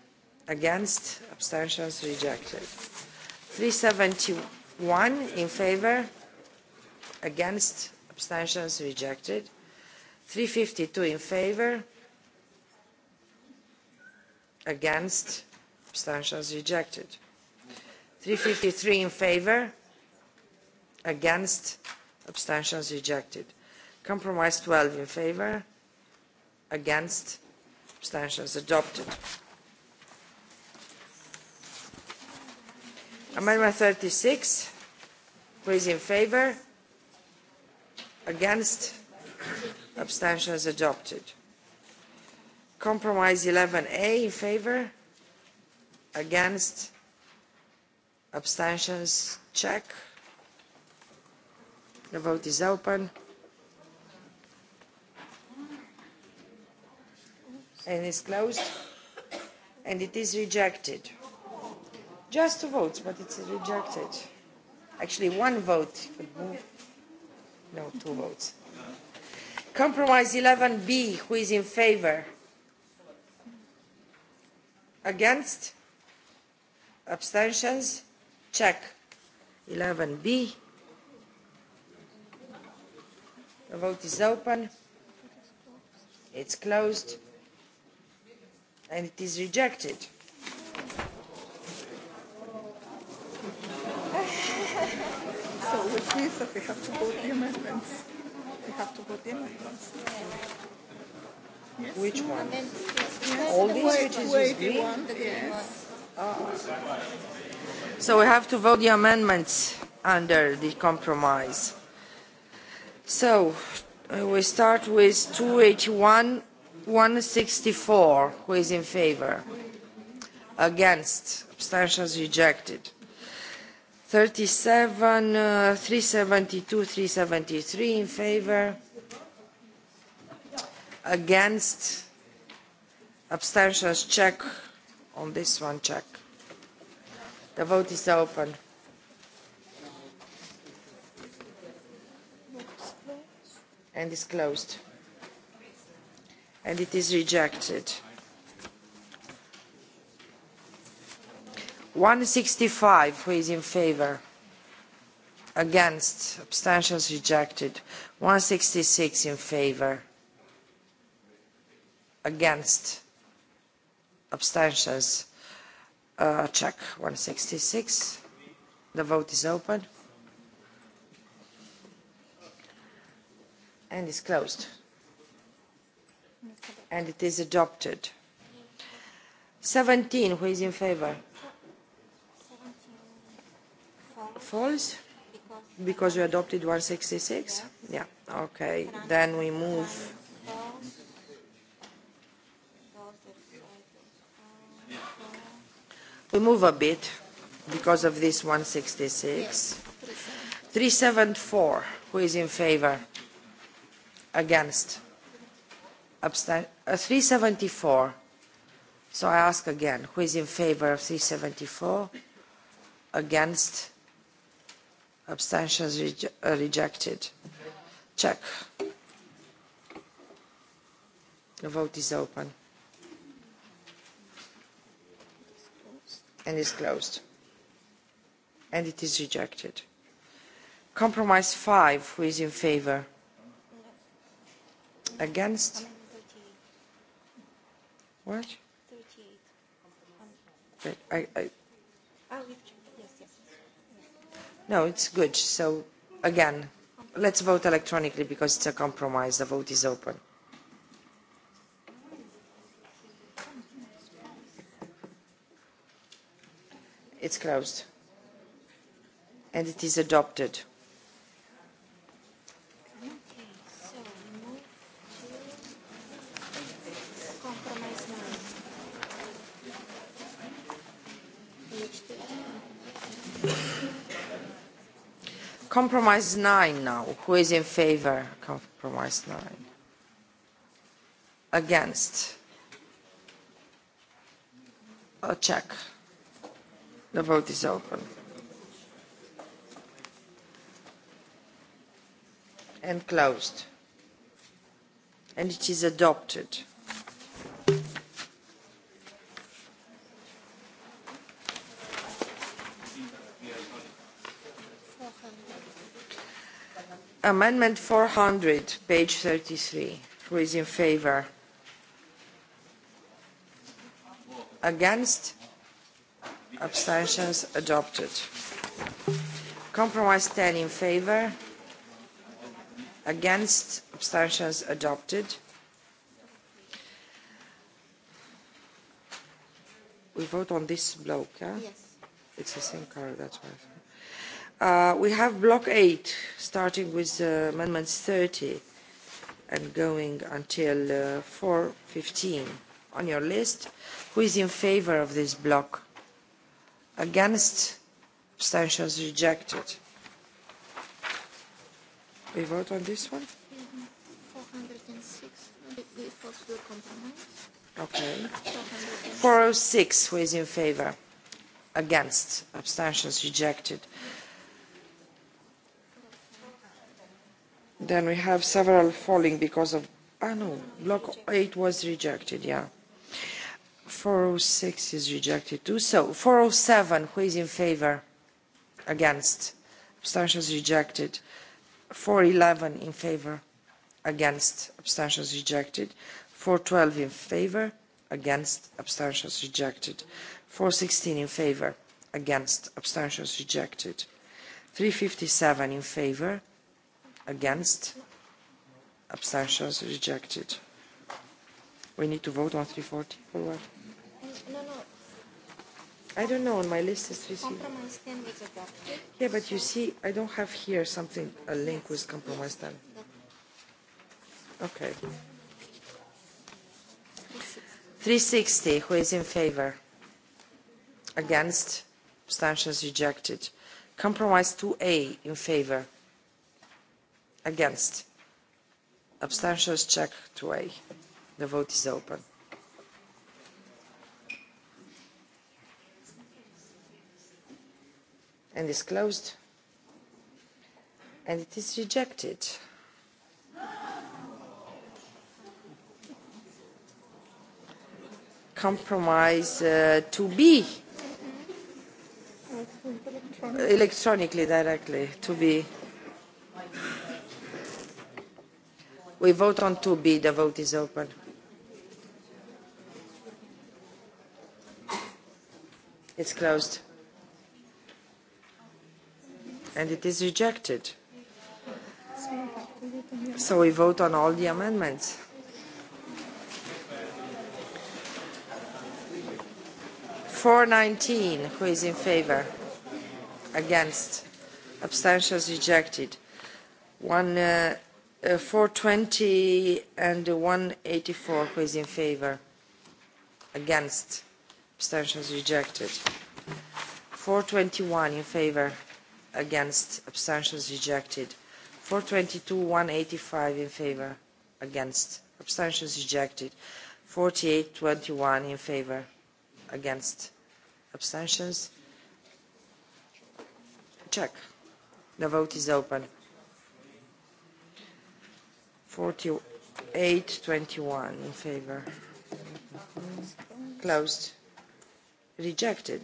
against abstentions rejected 371 in favor against abstentions rejected 352 in favor against abstentions rejected 353 in favor against abstentions rejected compromise 12 in favor against abstentions adopted amendment 36 who is in favor against abstentions adopted compromise 11a in favor against abstentions check the vote is open and is closed and it is rejected just two votes but it's rejected actually one vote could move No, two votes. Compromise 11B, who is in favor? Against? Abstentions? Check. 11B. The vote is open. It's closed. And it is rejected. please if we have to vote the amendments. We have to vote the amendments. Yes. Which one? Yes. All these which is with green? Yes. Oh. So we have to vote the amendments under the compromise. So uh, we start with 281, 164. Who is in favor? Against? Abstentions rejected. 37, 372, 373 in favor, against, abstentions check on this one check. The vote is open. And is closed. And it is rejected. 165 who is in favor against abstentions rejected 166 in favor against abstentions uh, check 166 the vote is open and is closed and it is adopted 17 who is in favor false because you adopted 166? Yeah, okay. Then we move. We move a bit because of this 166. 374, who is in favor? Against? Abstain? Uh, 374. So I ask again, who is in favor of 374? Against? abstentions re rejected check the vote is open and is closed and it is rejected compromise five. who is in favor against what 38 I, I, ah, No, it's good. So again, let's vote electronically because it's a compromise. The vote is open. It's closed. And it is adopted. Compromise 9 now. Who is in favor? Compromise 9. Against? A check. The vote is open. And closed. And it is adopted. Amendment 400, page 33. Who is in favor? Against? Abstentions adopted. Compromise 10 in favor. Against? Abstentions adopted. We vote on this block, yeah? Yes. It's the same card, that's why. Uh, we have block eight, starting with uh, amendments 30 and going until uh, 4.15 on your list. Who is in favor of this block? Against? Abstentions rejected. We vote on this one? 406. Okay. 406. Who is in favor? Against? Abstentions rejected. Then we have several falling because of... Ah, no, block 8 was rejected, yeah. 406 is rejected too. So 407, who is in favor? Against. Abstentions rejected. 411 in favor. Against. Abstentions rejected. 412 in favor. Against. Abstentions rejected. 416 in favor. Against. Abstentions rejected. 357 in favor against abstentions rejected we need to vote on 340 or what no no I don't know on my list is 360. yeah but you see I don't have here something a link with compromise 10 okay 360 who is in favor against abstentions rejected compromise 2a in favor against abstentions check to a the vote is open and is closed and it is rejected compromise uh, to be electronically directly to be We vote on 2B. The vote is open. It's closed. And it is rejected. So we vote on all the amendments. Four nineteen, who is in favor? Against? Abstentions rejected. One uh, 420 uh, and 184, who is in favor? Against? Abstentions rejected. 421 in favor? Against? Abstentions rejected. 422, 185 in favor? Against? Abstentions rejected. 4821 in favor? Against? Abstentions? Check. The vote is open. 48, 21 in favor. Closed. Rejected.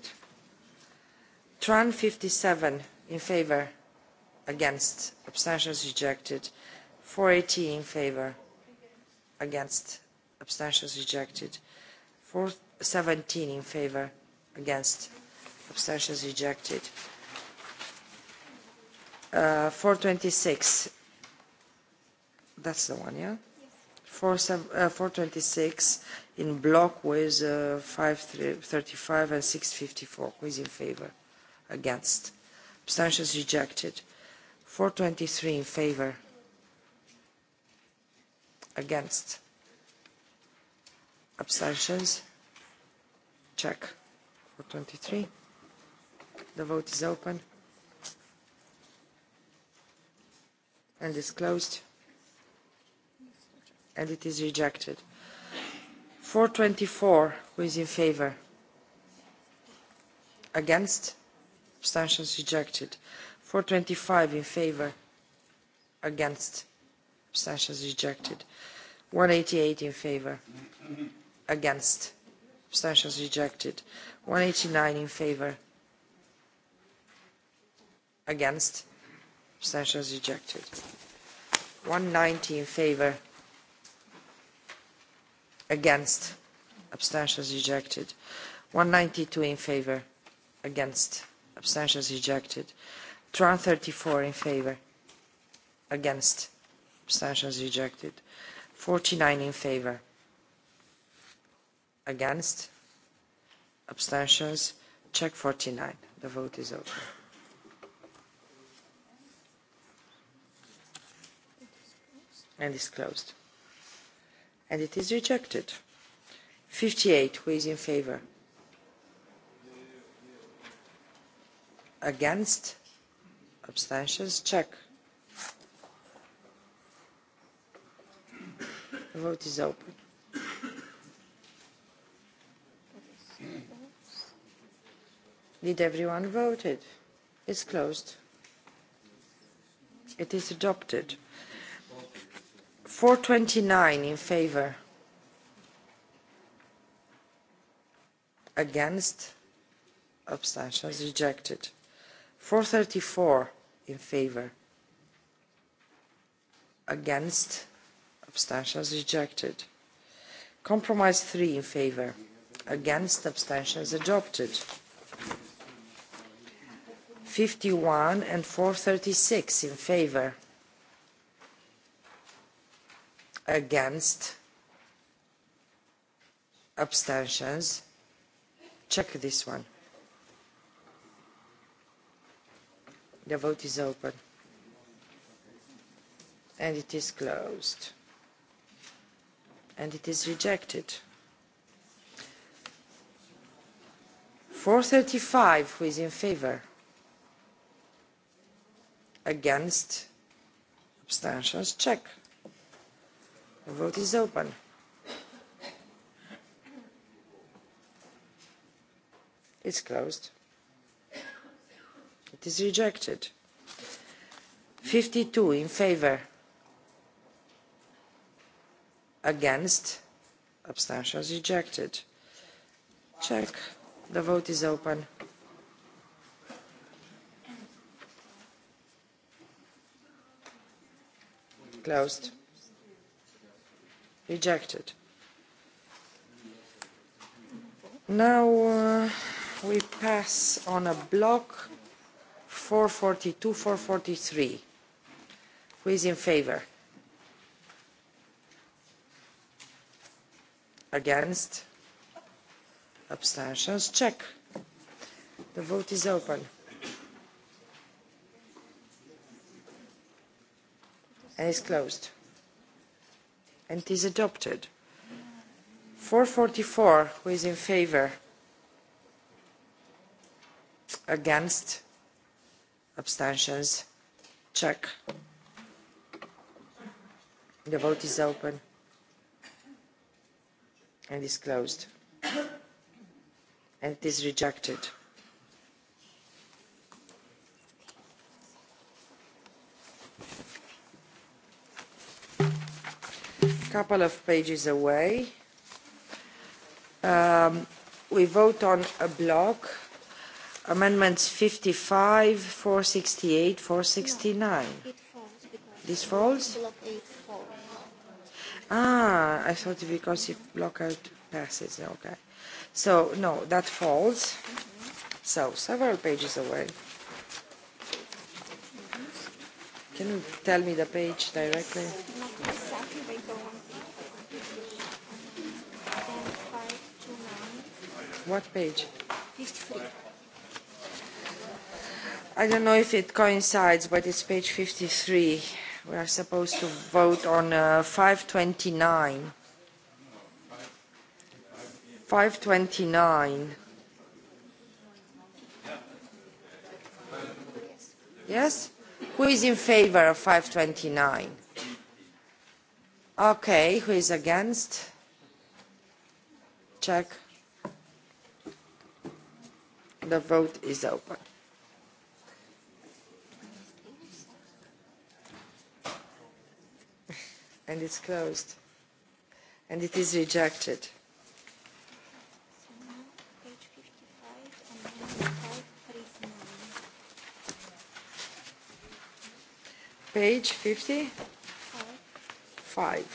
Tran 57 in favor. Against. Abstentions rejected. 480 in favor. Against. Abstentions rejected. 417 in favor. Against. Abstentions rejected. Uh, 426 That's the one, yeah? Four, 426 uh, in block with uh, 535 and 654. Who is in favor? Against. Abstentions rejected. 423 in favor. Against. Abstentions. Check. 423. The vote is open. And is closed and it is rejected. 424, who is in favor? Against? Abstentions rejected. 425 in favor? Against? Abstentions rejected. 188 in favor? Against? Abstentions rejected. 189 in favor? Against? Abstentions rejected. 190 in favor? against abstentions rejected 192 in favor against abstentions rejected tran in favor against abstentions rejected 49 in favor against abstentions check 49 the vote is over and is closed and it is rejected. 58 who is in favor? Against? Abstentions? Check. The vote is open. Did everyone voted? It's closed. It is adopted. 429 in favor. Against. Abstentions rejected. 434 in favor. Against. Abstentions rejected. Compromise 3 in favor. Against. Abstentions adopted. 51 and 436 in favor against abstentions check this one the vote is open and it is closed and it is rejected 435 who is in favor against abstentions check The vote is open. It's closed. It is rejected. 52 in favor. Against. Abstentions rejected. Check. The vote is open. Closed rejected. Now uh, we pass on a block 442, 443. Who is in favor? Against? Abstentions? Check. The vote is open. And it's closed and is adopted. 444 who is in favor against abstentions check the vote is open and is closed and is rejected couple of pages away. Um, we vote on a block amendments 55, 468, 469. this falls? Ah, I thought because if block out passes, okay. So, no, that falls. So, several pages away. Can you tell me the page directly? Yes. What page? 53. I don't know if it coincides, but it's page 53. We are supposed to vote on uh, 529. 529. Yes? Who is in favor of 529? Okay, who is against? Check. The vote is open. and it's closed. And it is rejected. Page 50? Five.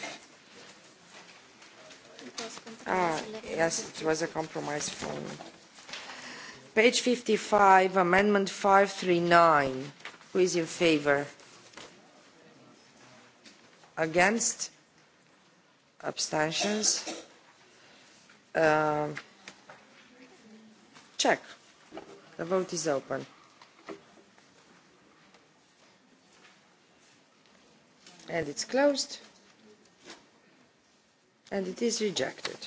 Ah, yes, it was a compromise form. Page 55, Amendment 539. Who is in favor? Against? Abstentions? Uh, check. The vote is open. And it's closed. And it is rejected.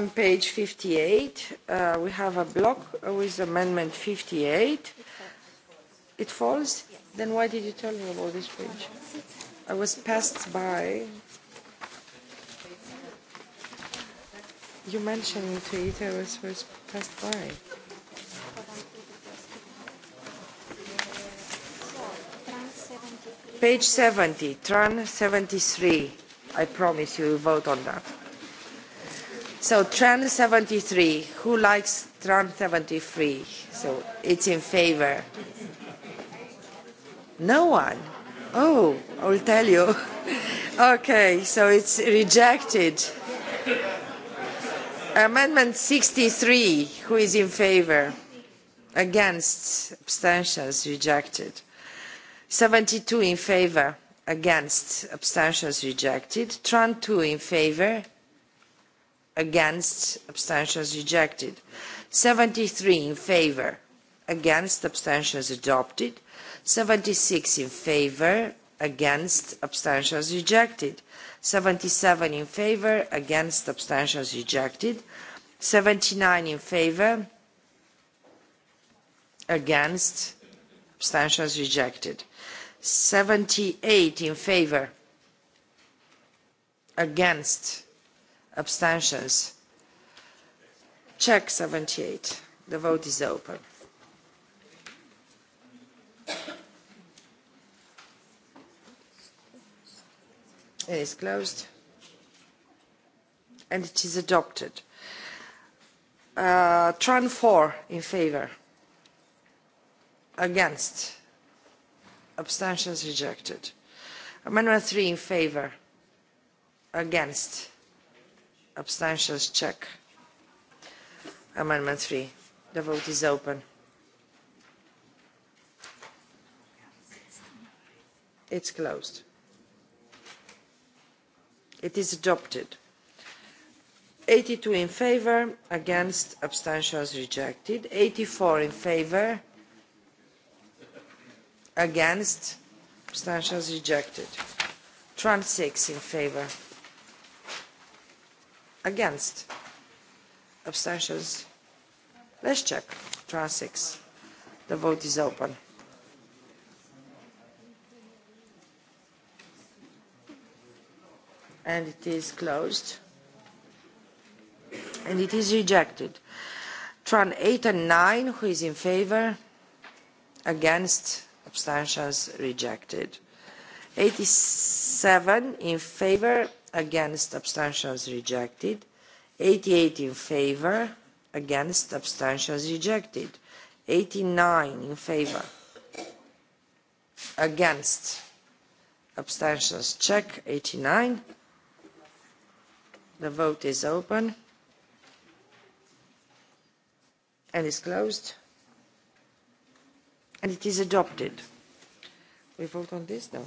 on page 58, uh, we have a block with amendment 58. It falls? Yes. Then why did you tell me about this page? I was passed by. You mentioned to it, I was, was passed by. Page 70, Tran 73. I promise you, we'll vote on that. So Tran 73. Who likes Tran 73? So it's in favor. No one. Oh, I'll tell you. okay, so it's rejected. Amendment 63. Who is in favor? Against. Abstentions rejected. 72 in favor. Against. Abstentions rejected. Tran 2 in favor against abstentions rejected 73 in favor against abstentions adopted 76 in favor against abstentions rejected 77 in favor against abstentions rejected 79 in favor against abstentions rejected 78 in favor against abstentions check 78 the vote is open it is closed and it is adopted uh, tran 4 in favor against abstentions rejected amendment 3 in favor against abstentions check amendment 3 the vote is open it's closed it is adopted 82 in favor against abstentions rejected 84 in favor against abstentions rejected 26 in favor Against? Abstentions? Let's check. Trans 6. The vote is open. And it is closed. And it is rejected. Tran 8 and 9, who is in favor? Against? Abstentions? Rejected. 87 in favor against abstentions rejected 88 in favor against abstentions rejected 89 in favor against abstentions check 89 the vote is open and is closed and it is adopted we vote on this now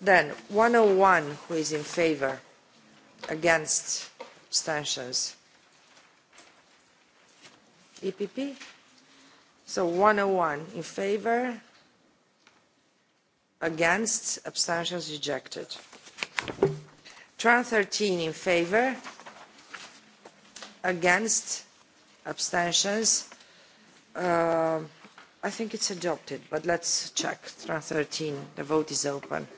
Then 101, who is in favor? Against? Abstentions? EPP? So 101 in favor, against, abstentions rejected. Tran 13 in favor, against, abstentions. Uh, I think it's adopted, but let's check. Trans 13, the vote is open.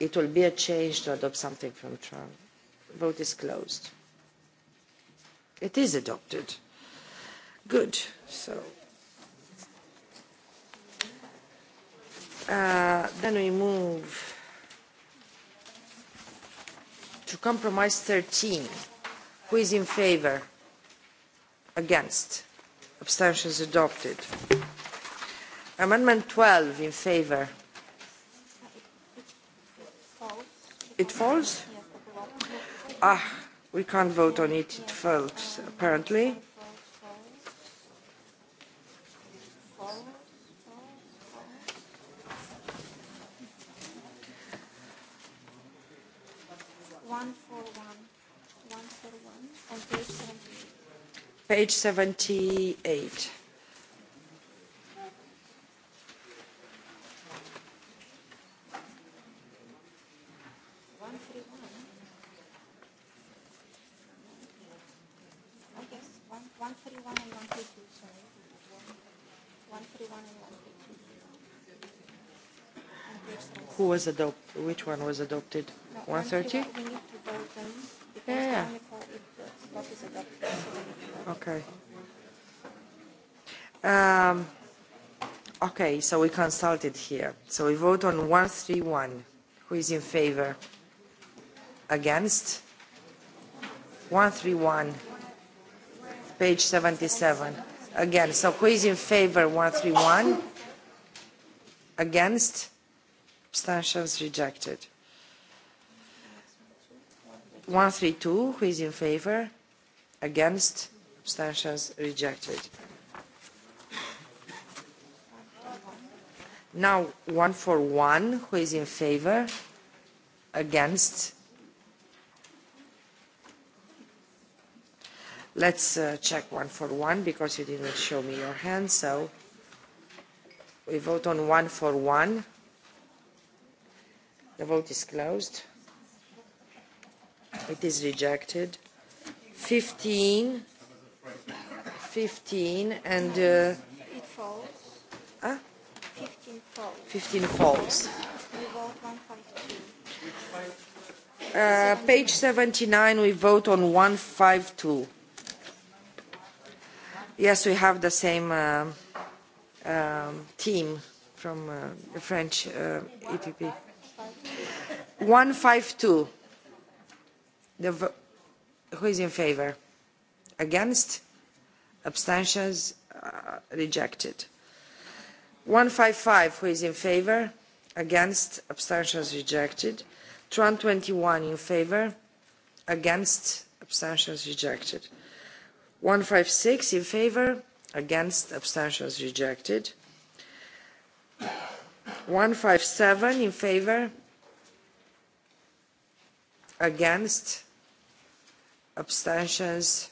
it will be a change to adopt something from Trump. Vote is closed. It is adopted. Good. So uh, then we move to compromise 13. Who is in favor? Against? Abstentions adopted. Amendment 12 in favor It falls? Ah, we can't vote on it. It falls, apparently. Page 78. was adopted? Which one was adopted? No, 130? We need to yeah. Uh, is okay. Um, okay, so we consulted here. So we vote on 131. Who is in favor? Against? 131, page 77. Again, so who is in favor? 131. Against? abstentions rejected 132 who is in favor against abstentions rejected now 141 who is in favor against Let's uh, check one for one because you didn't show me your hand. So we vote on one for one. The vote is closed. It is rejected. 15. 15 and... Uh, it falls. Huh? 15 falls. 15 falls. We vote 152. Uh, page 79, we vote on 152. Yes, we have the same uh, um, team from uh, the French uh, EPP. 152. The who is in favor? Against? Abstentions? Uh, rejected. 155. Who is in favor? Against? Abstentions? Rejected. 121. in favor? Against? Abstentions? Rejected. 156 in favor? Against? Abstentions? Rejected. 157 in favor against abstentions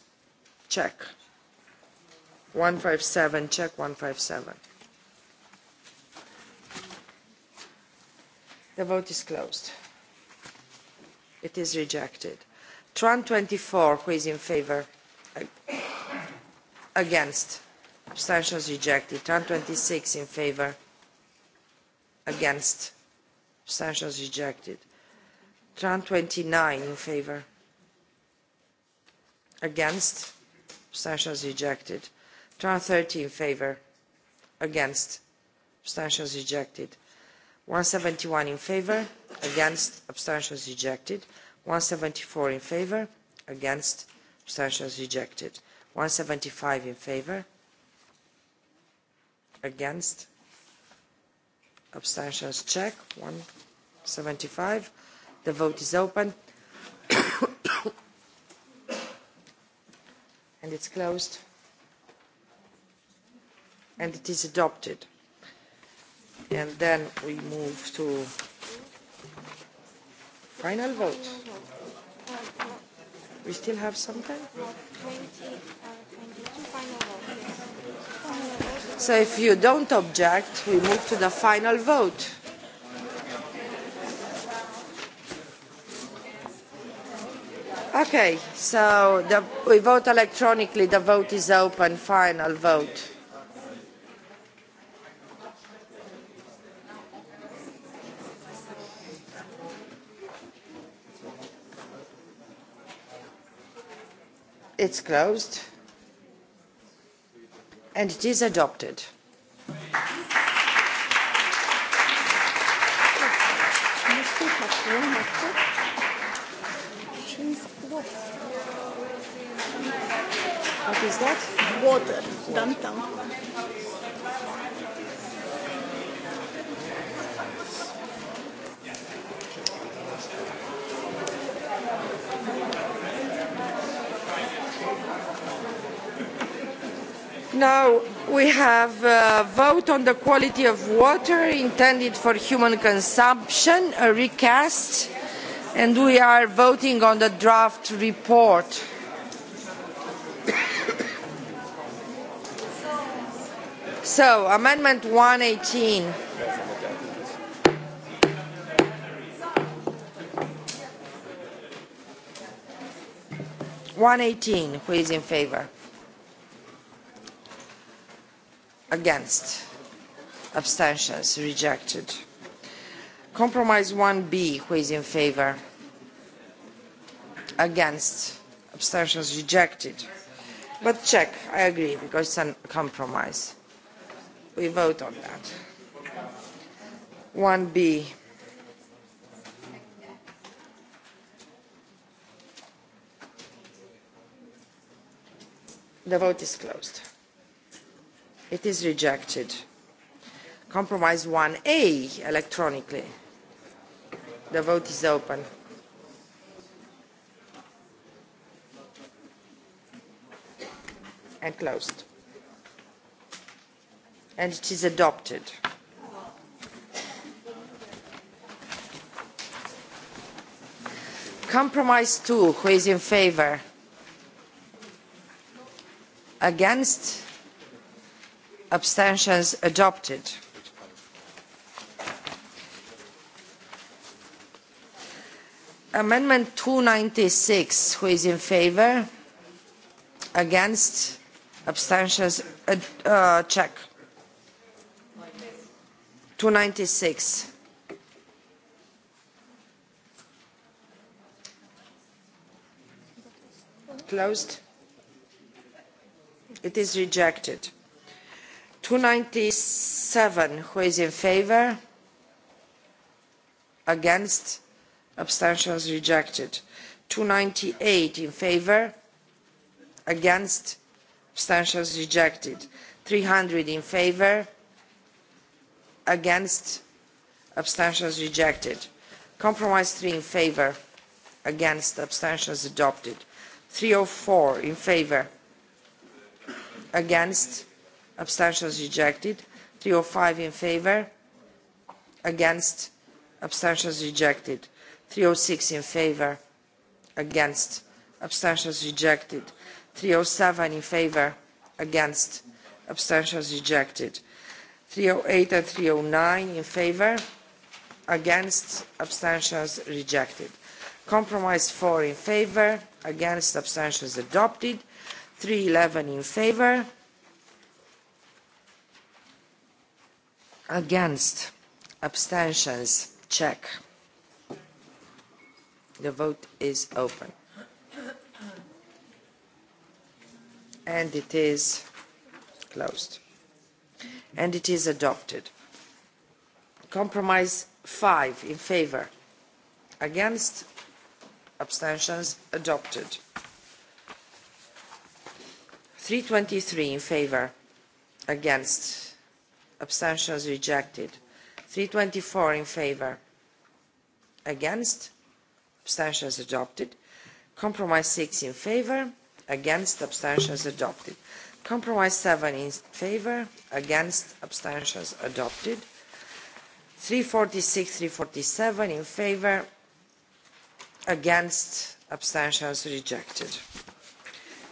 check 157 check 157 the vote is closed it is rejected tran 24 who is in favor against abstentions rejected tran 26 in favor against abstentions rejected Trump 29 in favor against abstentions rejected Trump 30 in favor against abstentions rejected 171 in favor against abstentions rejected 174 in favor against abstentions rejected 175 in favor against abstentions check 175 the vote is open and it's closed and it is adopted and then we move to final vote we still have something uh, So if you don't object, we move to the final vote. Okay, so the, we vote electronically. The vote is open. Final vote. It's closed and it is adopted. What is that? Water, downtown. Thank you. Now we have a vote on the quality of water intended for human consumption, a recast, and we are voting on the draft report. so, Amendment 118. One eighteen, who is in favor? against abstentions rejected compromise 1b who is in favor against abstentions rejected but check i agree because it's a compromise we vote on that 1b the vote is closed It is rejected. Compromise 1A electronically. The vote is open. And closed. And it is adopted. Compromise 2, who is in favor? Against? abstentions adopted. Amendment 296, who is in favor? Against? Abstentions? Uh, check. 296. Closed. It is rejected. 297 who is in favor against abstentions rejected 298 in favor against abstentions rejected 300 in favor against abstentions rejected compromise 3 in favor against abstentions adopted 304 in favor against abstentions rejected 305 in favor against abstentions rejected 306 in favor against abstentions rejected 307 in favor against abstentions rejected 308 and 309 in favor against abstentions rejected compromise 4 in favor against abstentions adopted 311 in favor against abstentions check the vote is open and it is closed and it is adopted compromise 5 in favor against abstentions adopted 323 in favor against abstentions rejected 324 in favor against abstentions adopted compromise 6 in favor against abstentions adopted compromise 7 in favor against abstentions adopted 346 347 in favor against abstentions rejected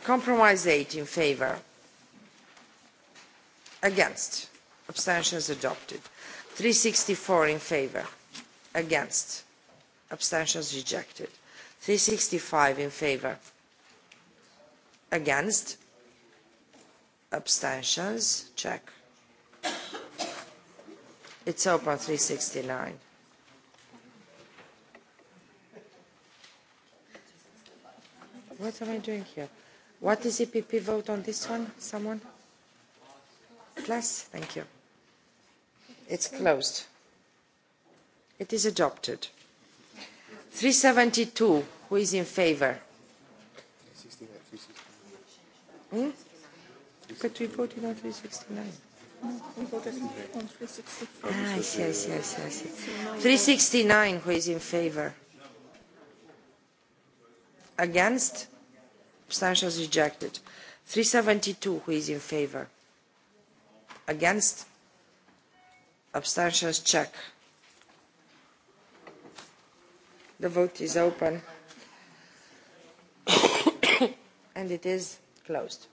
compromise 8 in favor against abstentions adopted 364 in favor against abstentions rejected 365 in favor against abstentions check it's open 369 what am i doing here what is epp vote on this one someone plus thank you It's closed. It is adopted. 372, who is in favor? Hmm? But we voted on 369. Ah, I see, I see, I see, 369, who is in favor? Against? Abstentions rejected. 372, who is in favor? Against? abstentions check the vote is open and it is closed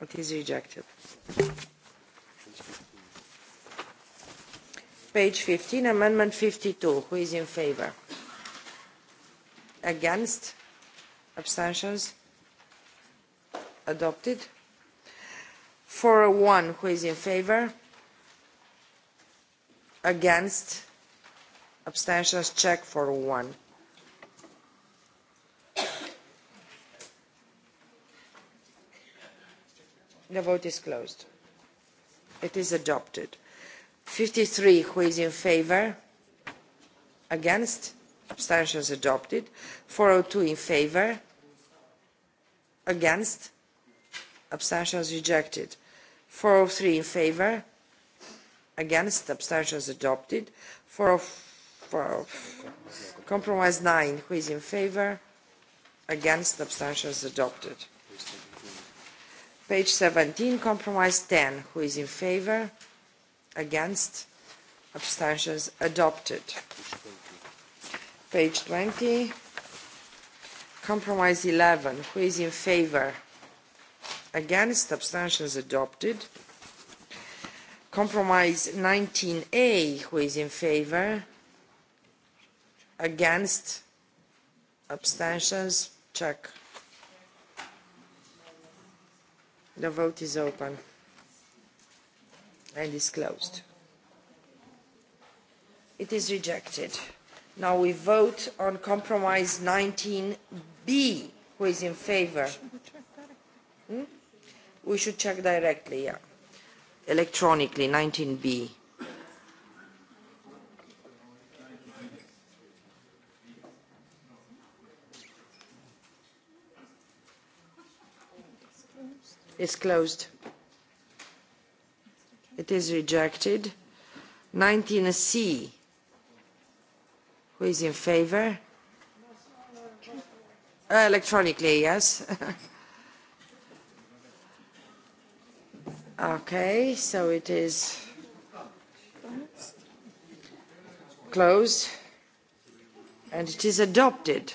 it is rejected page 15 amendment 52 who is in favor against abstentions adopted 401 who is in favor against abstentions check for one the vote is closed it is adopted 53 who is in favor against abstentions adopted 402 in favor against abstentions rejected 403 in favor against abstentions adopted. 404 for compromise 9 who is in favor against abstentions adopted page 17 compromise 10 who is in favor against abstentions adopted page 20 compromise 11 who is in favor against abstentions adopted Compromise 19A, who is in favor? Against? Abstentions? Check. The vote is open and is closed. It is rejected. Now we vote on compromise 19B. Who is in favor? Hmm? We should check directly, yeah electronically 19b. Is closed. It is rejected. 19C. Who is in favor? Uh, electronically, yes. Okay, so it is closed and it is adopted.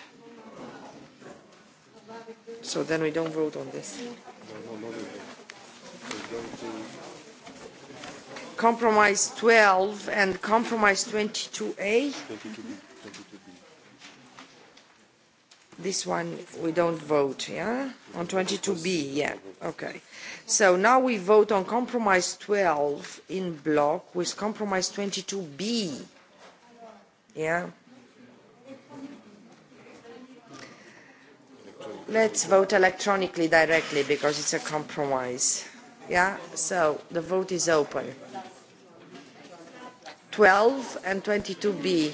So then we don't vote on this. Compromise 12 and compromise 22A. 22B. This one we don't vote, yeah? On 22B, yeah, okay. So now we vote on compromise 12 in block with compromise 22B, yeah? Let's vote electronically directly because it's a compromise. Yeah, so the vote is open. 12 and 22B.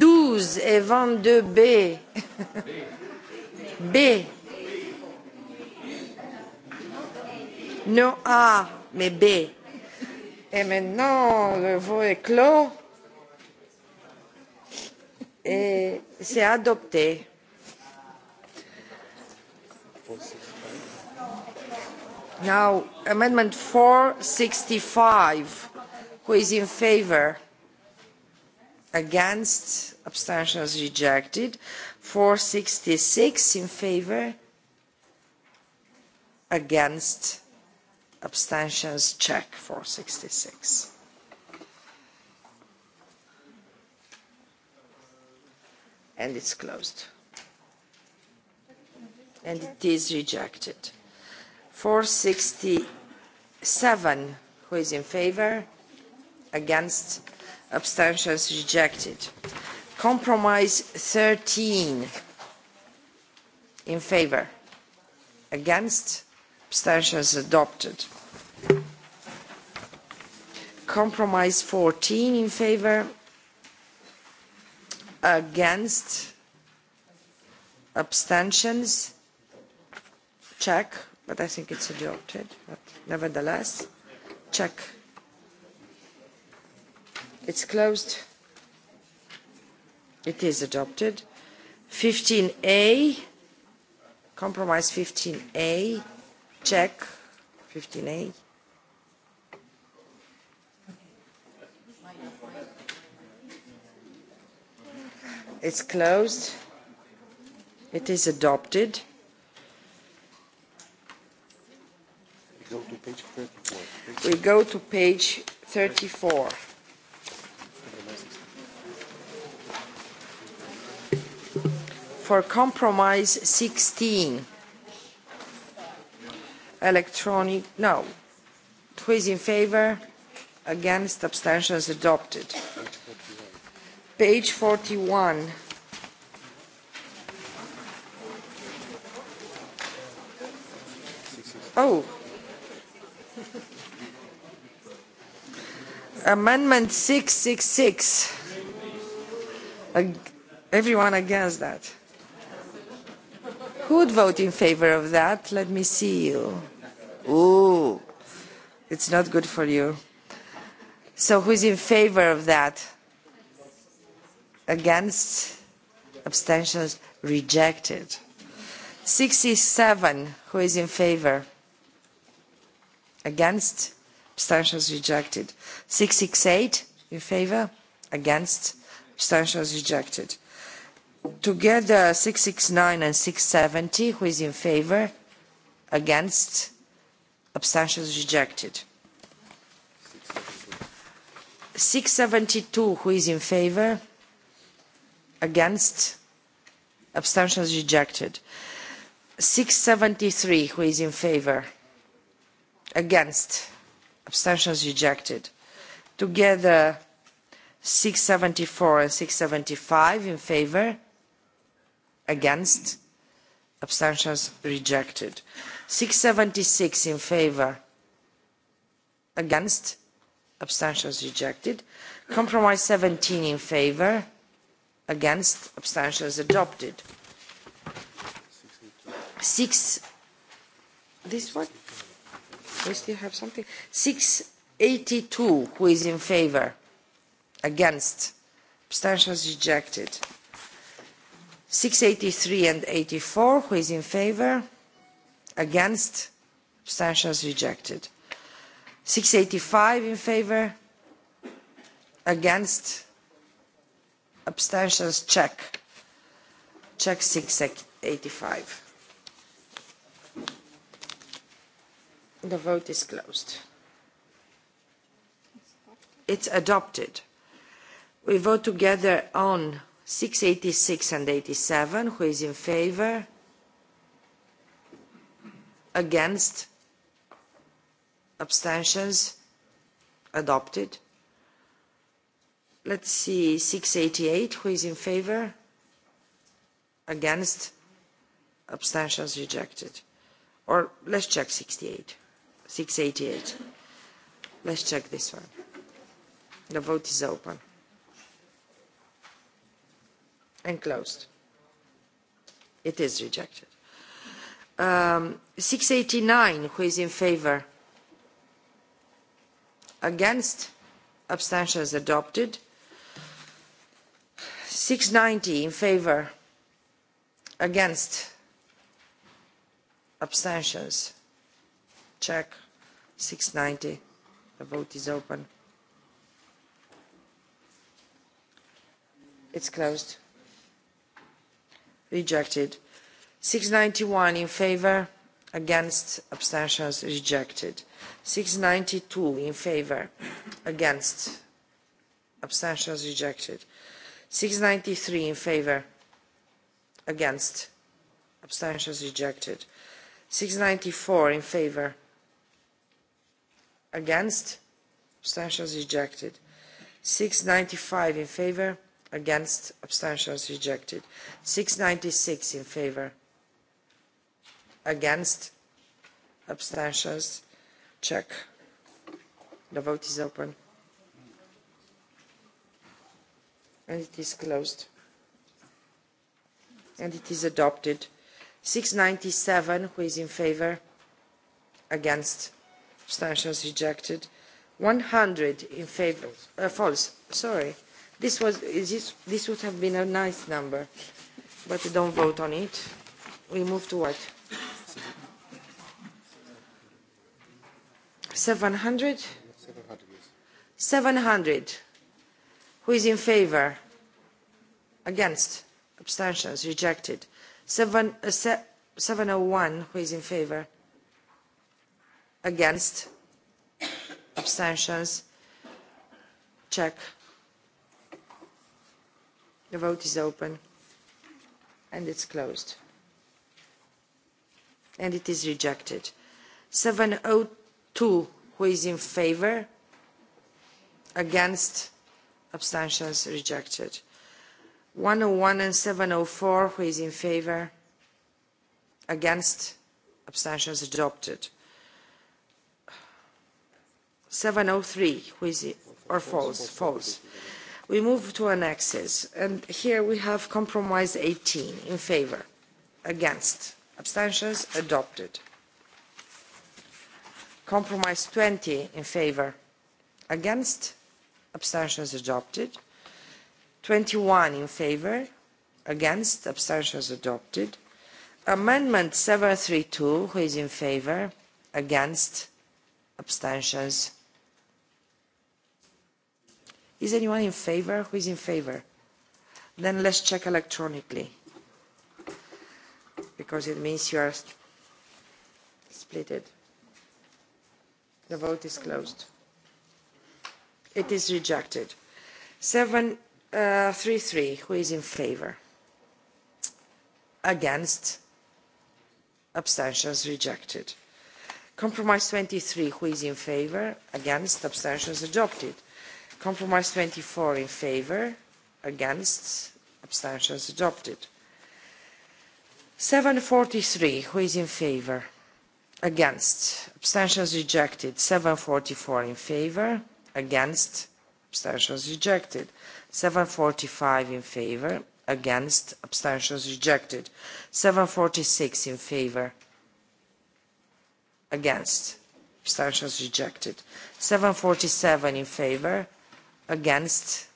12 et 22 B. B. Non A, mais B. Et maintenant, le vote est clos. Et c'est adopté. Now, amendment 465. Who is in favor? against abstentions rejected 466 in favor against abstentions check 466 and it's closed and it is rejected 467 who is in favor against abstentions rejected compromise 13 in favor against abstentions adopted compromise 14 in favor against abstentions check but i think it's adopted but nevertheless check It's closed. It is adopted. 15A, compromise 15A, check 15A. It's closed. It is adopted. We go to page 34. for compromise 16 electronic no who is in favor against abstentions adopted page 41 oh amendment 666 Ag everyone against that Who would vote in favor of that? Let me see you. Ooh, it's not good for you. So who is in favor of that? Against? Abstentions? Rejected. 67, who is in favor? Against? Abstentions rejected. 668, in favor? Against? Abstentions rejected together 669 and 670 who is in favor against abstentions rejected 672 who is in favor against abstentions rejected 673 who is in favor against abstentions rejected together 674 and 675 in favor against abstentions rejected 676 in favor against abstentions rejected compromise 17 in favor against abstentions adopted six this one we still have something 682 who is in favor against abstentions rejected 683 and 84 who is in favor against abstentions rejected 685 in favor against abstentions check check 685 the vote is closed it's adopted we vote together on 686 and 87 who is in favor against abstentions adopted let's see 688 who is in favor against abstentions rejected or let's check 68 688 let's check this one the vote is open and closed. It is rejected. Um, 689, who is in favor? Against? Abstentions adopted. 690 in favor? Against? Abstentions? Check. 690. The vote is open. It's closed rejected 691 in favor against abstentions rejected 692 in favor against abstentions rejected 693 in favor against abstentions rejected 694 in favor against abstentions rejected 695 in favor against abstentions rejected 696 in favor against abstentions check the vote is open and it is closed and it is adopted 697 who is in favor against abstentions rejected 100 in favor uh, false sorry This, was, this, this would have been a nice number, but we don't vote on it. We move to what? 700? 700. 700. Who is in favor? Against? Abstentions? Rejected. Seven, uh, se 701. Who is in favor? Against? Abstentions? Check. The vote is open and it's closed. And it is rejected. 702, who is in favor? Against? Abstentions rejected. 101 and 704, who is in favor? Against? Abstentions adopted. 703, who is, or false, false. false. We move to annexes, and here we have compromise 18 in favor, against, abstentions adopted. Compromise 20 in favor, against, abstentions adopted. 21 in favor, against, abstentions adopted. Amendment 732, who is in favor, against, abstentions Is anyone in favor? Who is in favor? Then let's check electronically because it means you are splitted. The vote is closed. It is rejected. 733, uh, who is in favor? Against? Abstentions rejected. Compromise 23, who is in favor? Against? Abstentions adopted. Compromise 24 in favour, against, abstentions adopted. 743, who is in favour? Against, abstentions rejected. 744 in favour, against, abstentions rejected. 745 in favour, against, abstentions rejected. 746 in favour, against, abstentions rejected. 747 in favour, against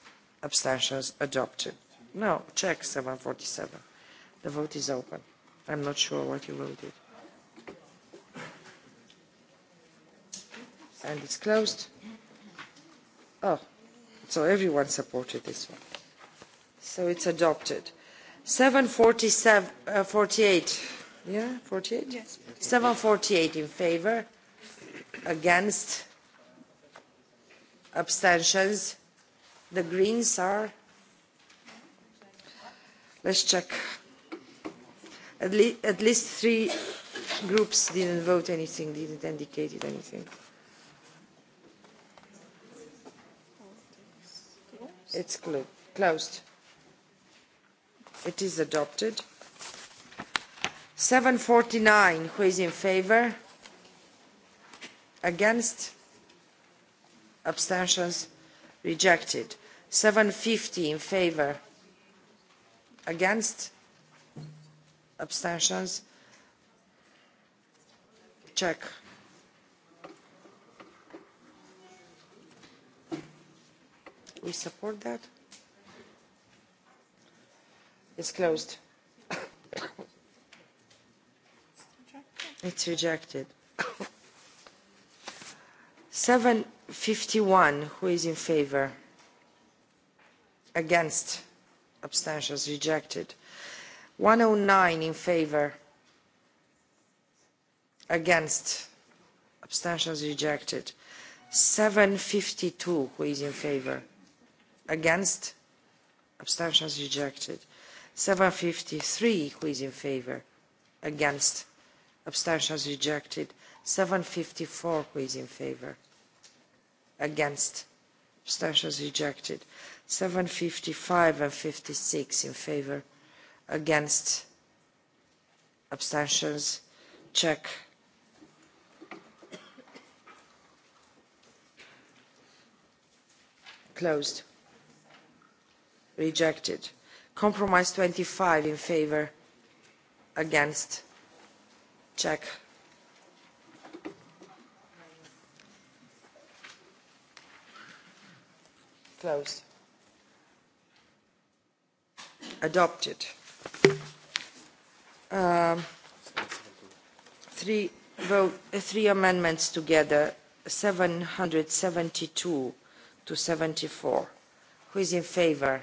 abstentions adopted no check 747 the vote is open i'm not sure what you voted and it's closed oh so everyone supported this one so it's adopted 747 uh, 48 yeah 48 yes 748 in favor against abstentions The Greens are... Let's check. At, least three groups didn't vote anything, didn't indicate anything. It's clo closed. It is adopted. 749, who is in favor? Against? Abstentions? Rejected. 750 in favor, against abstentions check we support that it's closed it's rejected 751 who is in favor? against abstentions rejected 109 in favor against abstentions rejected 752 who is in favor against abstentions rejected 753 who is in favor against abstentions rejected 754 who is in favor against abstentions rejected 755 and 56 in favor against abstentions check closed rejected compromise 25 in favor against check closed adopted. Uh, three, vote, uh, three amendments together, 772 to 74. Who is in favor?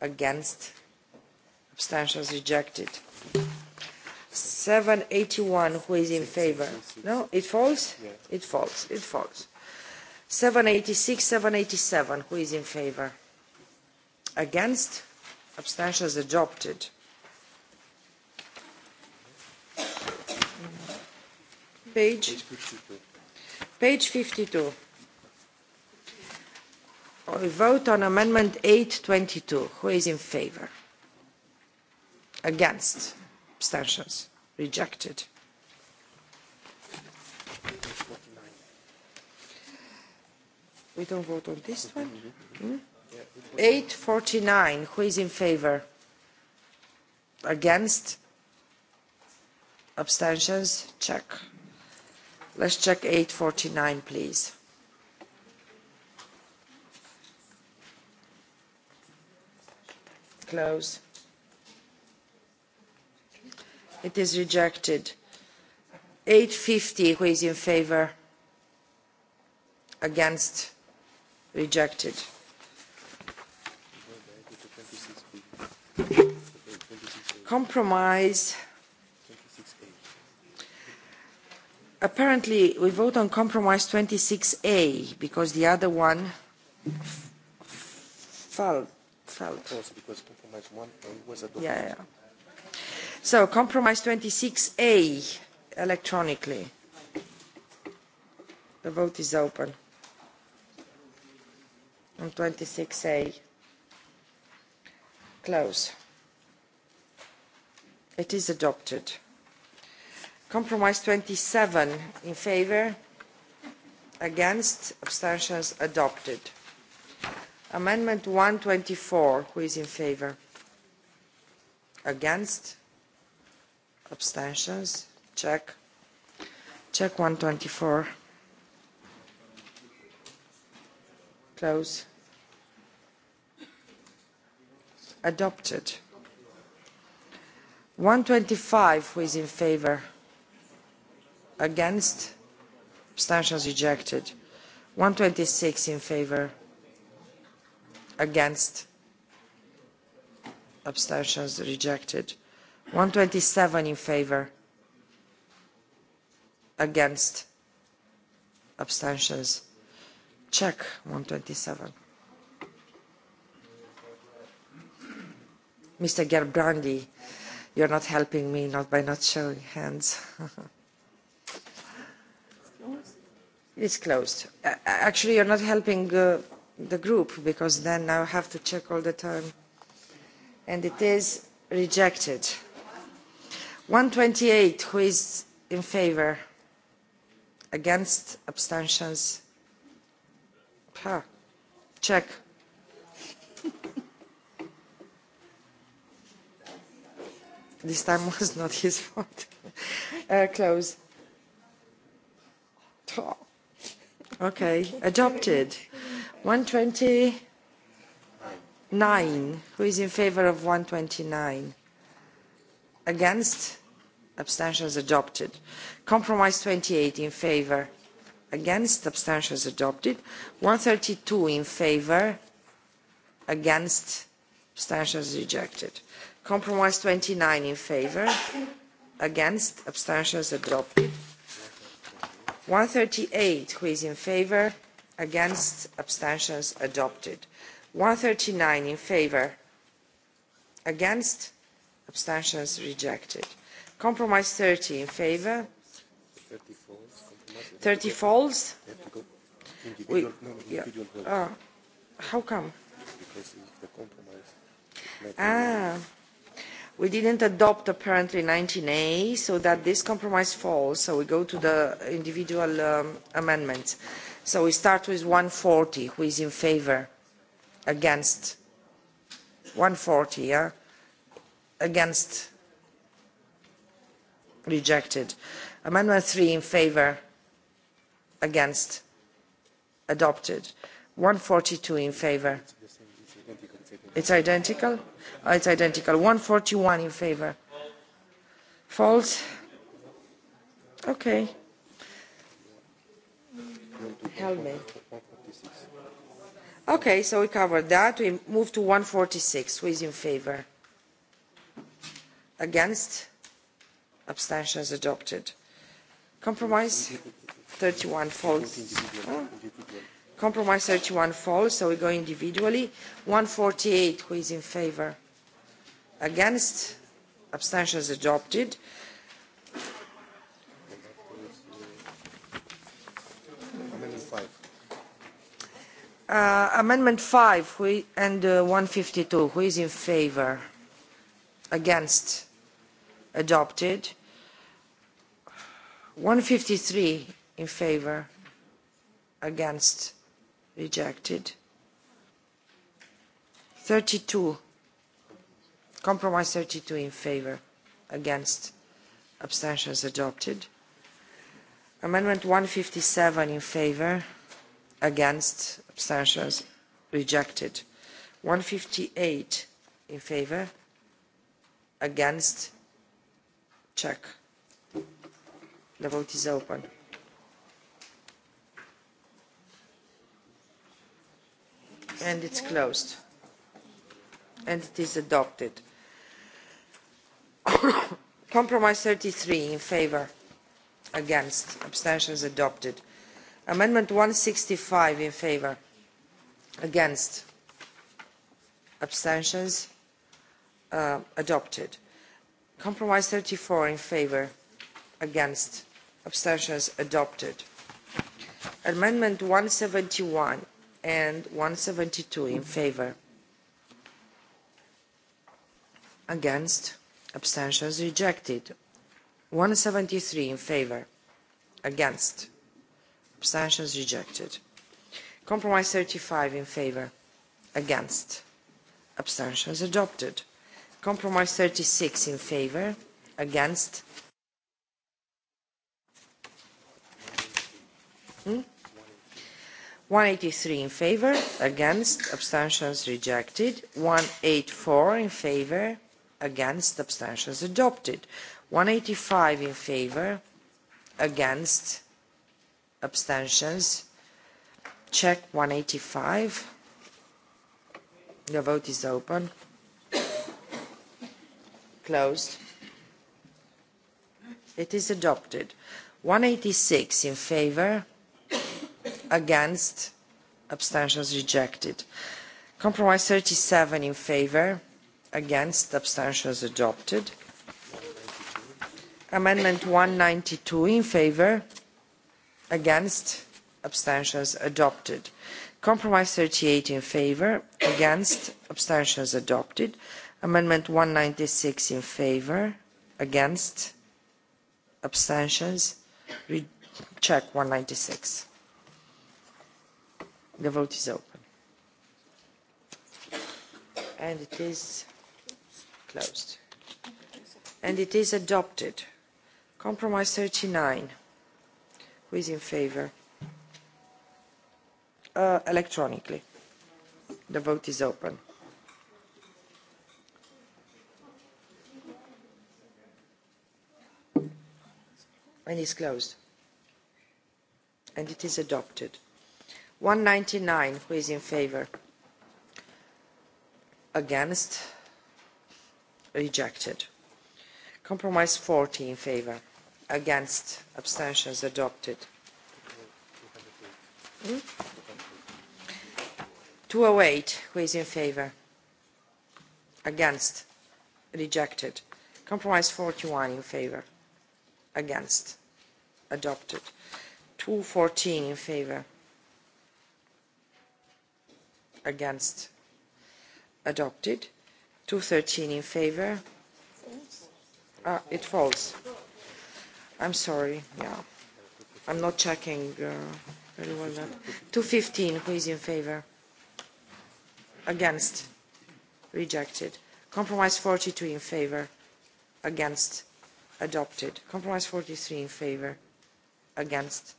Against? Abstentions rejected. 781, who is in favor? No, it falls? Yeah. It falls, it falls. 786, 787, who is in favor? against abstentions adopted page page 52 we vote on amendment 822 who is in favor against abstentions rejected we don't vote on this one mm-hmm. hmm? 849. Who is in favor? Against? Abstentions? Check. Let's check 849, please. Close. It is rejected. 850, who is in favor? Against? Rejected. Compromise. Apparently, we vote on compromise 26A because the other one fell. fell. because compromise 1 was adopted. Yeah, yeah. So, compromise 26A electronically. The vote is open on 26A. Close. It is adopted. Compromise 27 in favour, against, abstentions adopted. Amendment 124, who is in favour? Against, abstentions, check. Check 124. Close. Adopted. 125 who is in favor against abstentions rejected 126 in favor against abstentions rejected 127 in favor against abstentions check 127 mr gerbrandi You're not helping me not by not showing hands. it's closed. actually, you're not helping uh, the group because then I have to check all the time. And it is rejected. 128, who is in favor? Against? Abstentions? Huh. Check. this time was not his fault. Uh, close. Okay, adopted. 129. Who is in favor of 129? Against? Abstentions adopted. Compromise 28 in favor. Against? Abstentions adopted. 132 in favor. Against? Abstentions rejected. Compromise 29 in favor, against, abstentions adopted. 138, who is in favor, against, abstentions adopted. 139 in favor, against, abstentions rejected. Compromise 30 in favor. 30 falls. 30 falls. We, no, yeah. uh, how come? Because if the compromise. Ah. We didn't adopt apparently 19A, so that this compromise falls. So we go to the individual um, amendments. So we start with 140. Who is in favor? Against? 140, yeah? Against? Rejected. Amendment 3 in favor? Against? Adopted. 142 in favor? It's identical? It's identical. 141 in favor. False? Okay. Helmet. Okay, so we covered that. We move to 146. Who is in favor? Against? Abstentions adopted. Compromise? 31 false. Oh compromise 31 falls so we go individually 148 who is in favor against abstentions adopted Uh, amendment 5 who, and uh, 152 who is in favor against adopted 153 in favor against rejected 32 compromise 32 in favor against abstentions adopted amendment 157 in favor against abstentions rejected 158 in favor against check the vote is open and it's closed and it is adopted compromise 33 in favor against abstentions adopted amendment 165 in favor against abstentions uh, adopted compromise 34 in favor against abstentions adopted amendment 171 and 172 in favor. Against. Abstentions rejected. 173 in favor. Against. Abstentions rejected. Compromise 35 in favor. Against. Abstentions adopted. Compromise 36 in favor. Against. Hmm? 183 in favour, against, abstentions rejected. 184 in favour, against, abstentions adopted. 185 in favour, against, abstentions. Check 185. The vote is open. Closed. It is adopted. 186 in favour, against abstentions rejected compromise 37 in favor against abstentions adopted amendment 192 in favor against abstentions adopted compromise 38 in favor against abstentions adopted amendment 196 in favor against abstentions Re check 196 The vote is open. And it is closed. And it is adopted. Compromise 39. Who is in favor? Uh, electronically. The vote is open. And is closed. And it is adopted. 199 who is in favor against rejected compromise 40 in favor against abstentions adopted hmm? 208 who is in favor against rejected compromise 41 in favor against adopted 214 in favor against adopted 213 in favor ah, it falls I'm sorry yeah I'm not checking uh, very well that 215 who is in favor against rejected compromise 42 in favor against adopted compromise 43 in favor against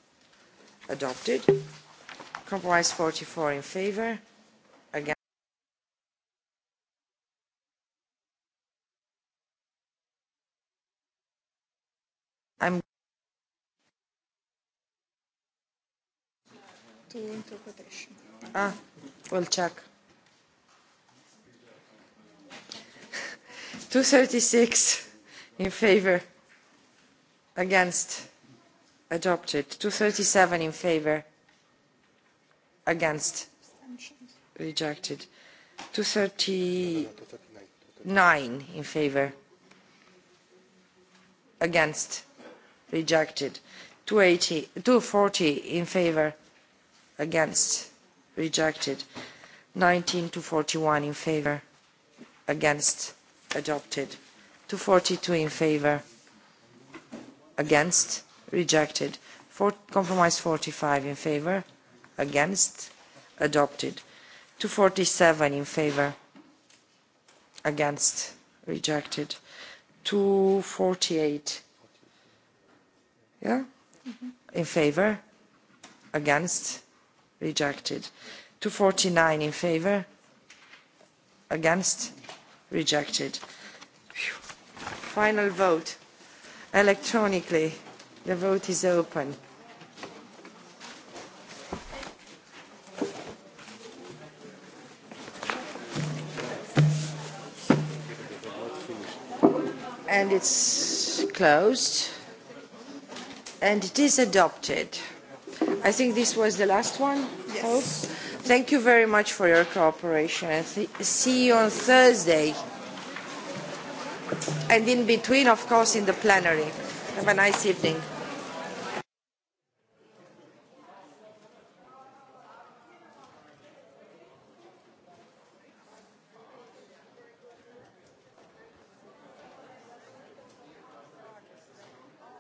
adopted compromise 44 in favor I'm Ah, we'll check. 236 in favor, against, adopted. 237 in favor, against, rejected. 239 in favor, against, rejected 280, 240 in favor against rejected 19 to 41 in favor against adopted 242 in favor against rejected compromise 45 in favor against adopted 247 in favor against rejected 248 Yeah? Mm -hmm. In favor? Against? Rejected. 249 in favor? Against? Rejected. Final vote. Electronically, the vote is open. And it's closed and it is adopted. I think this was the last one. Yes. Hope. Thank you very much for your cooperation. See you on Thursday. And in between, of course, in the plenary. Have a nice evening.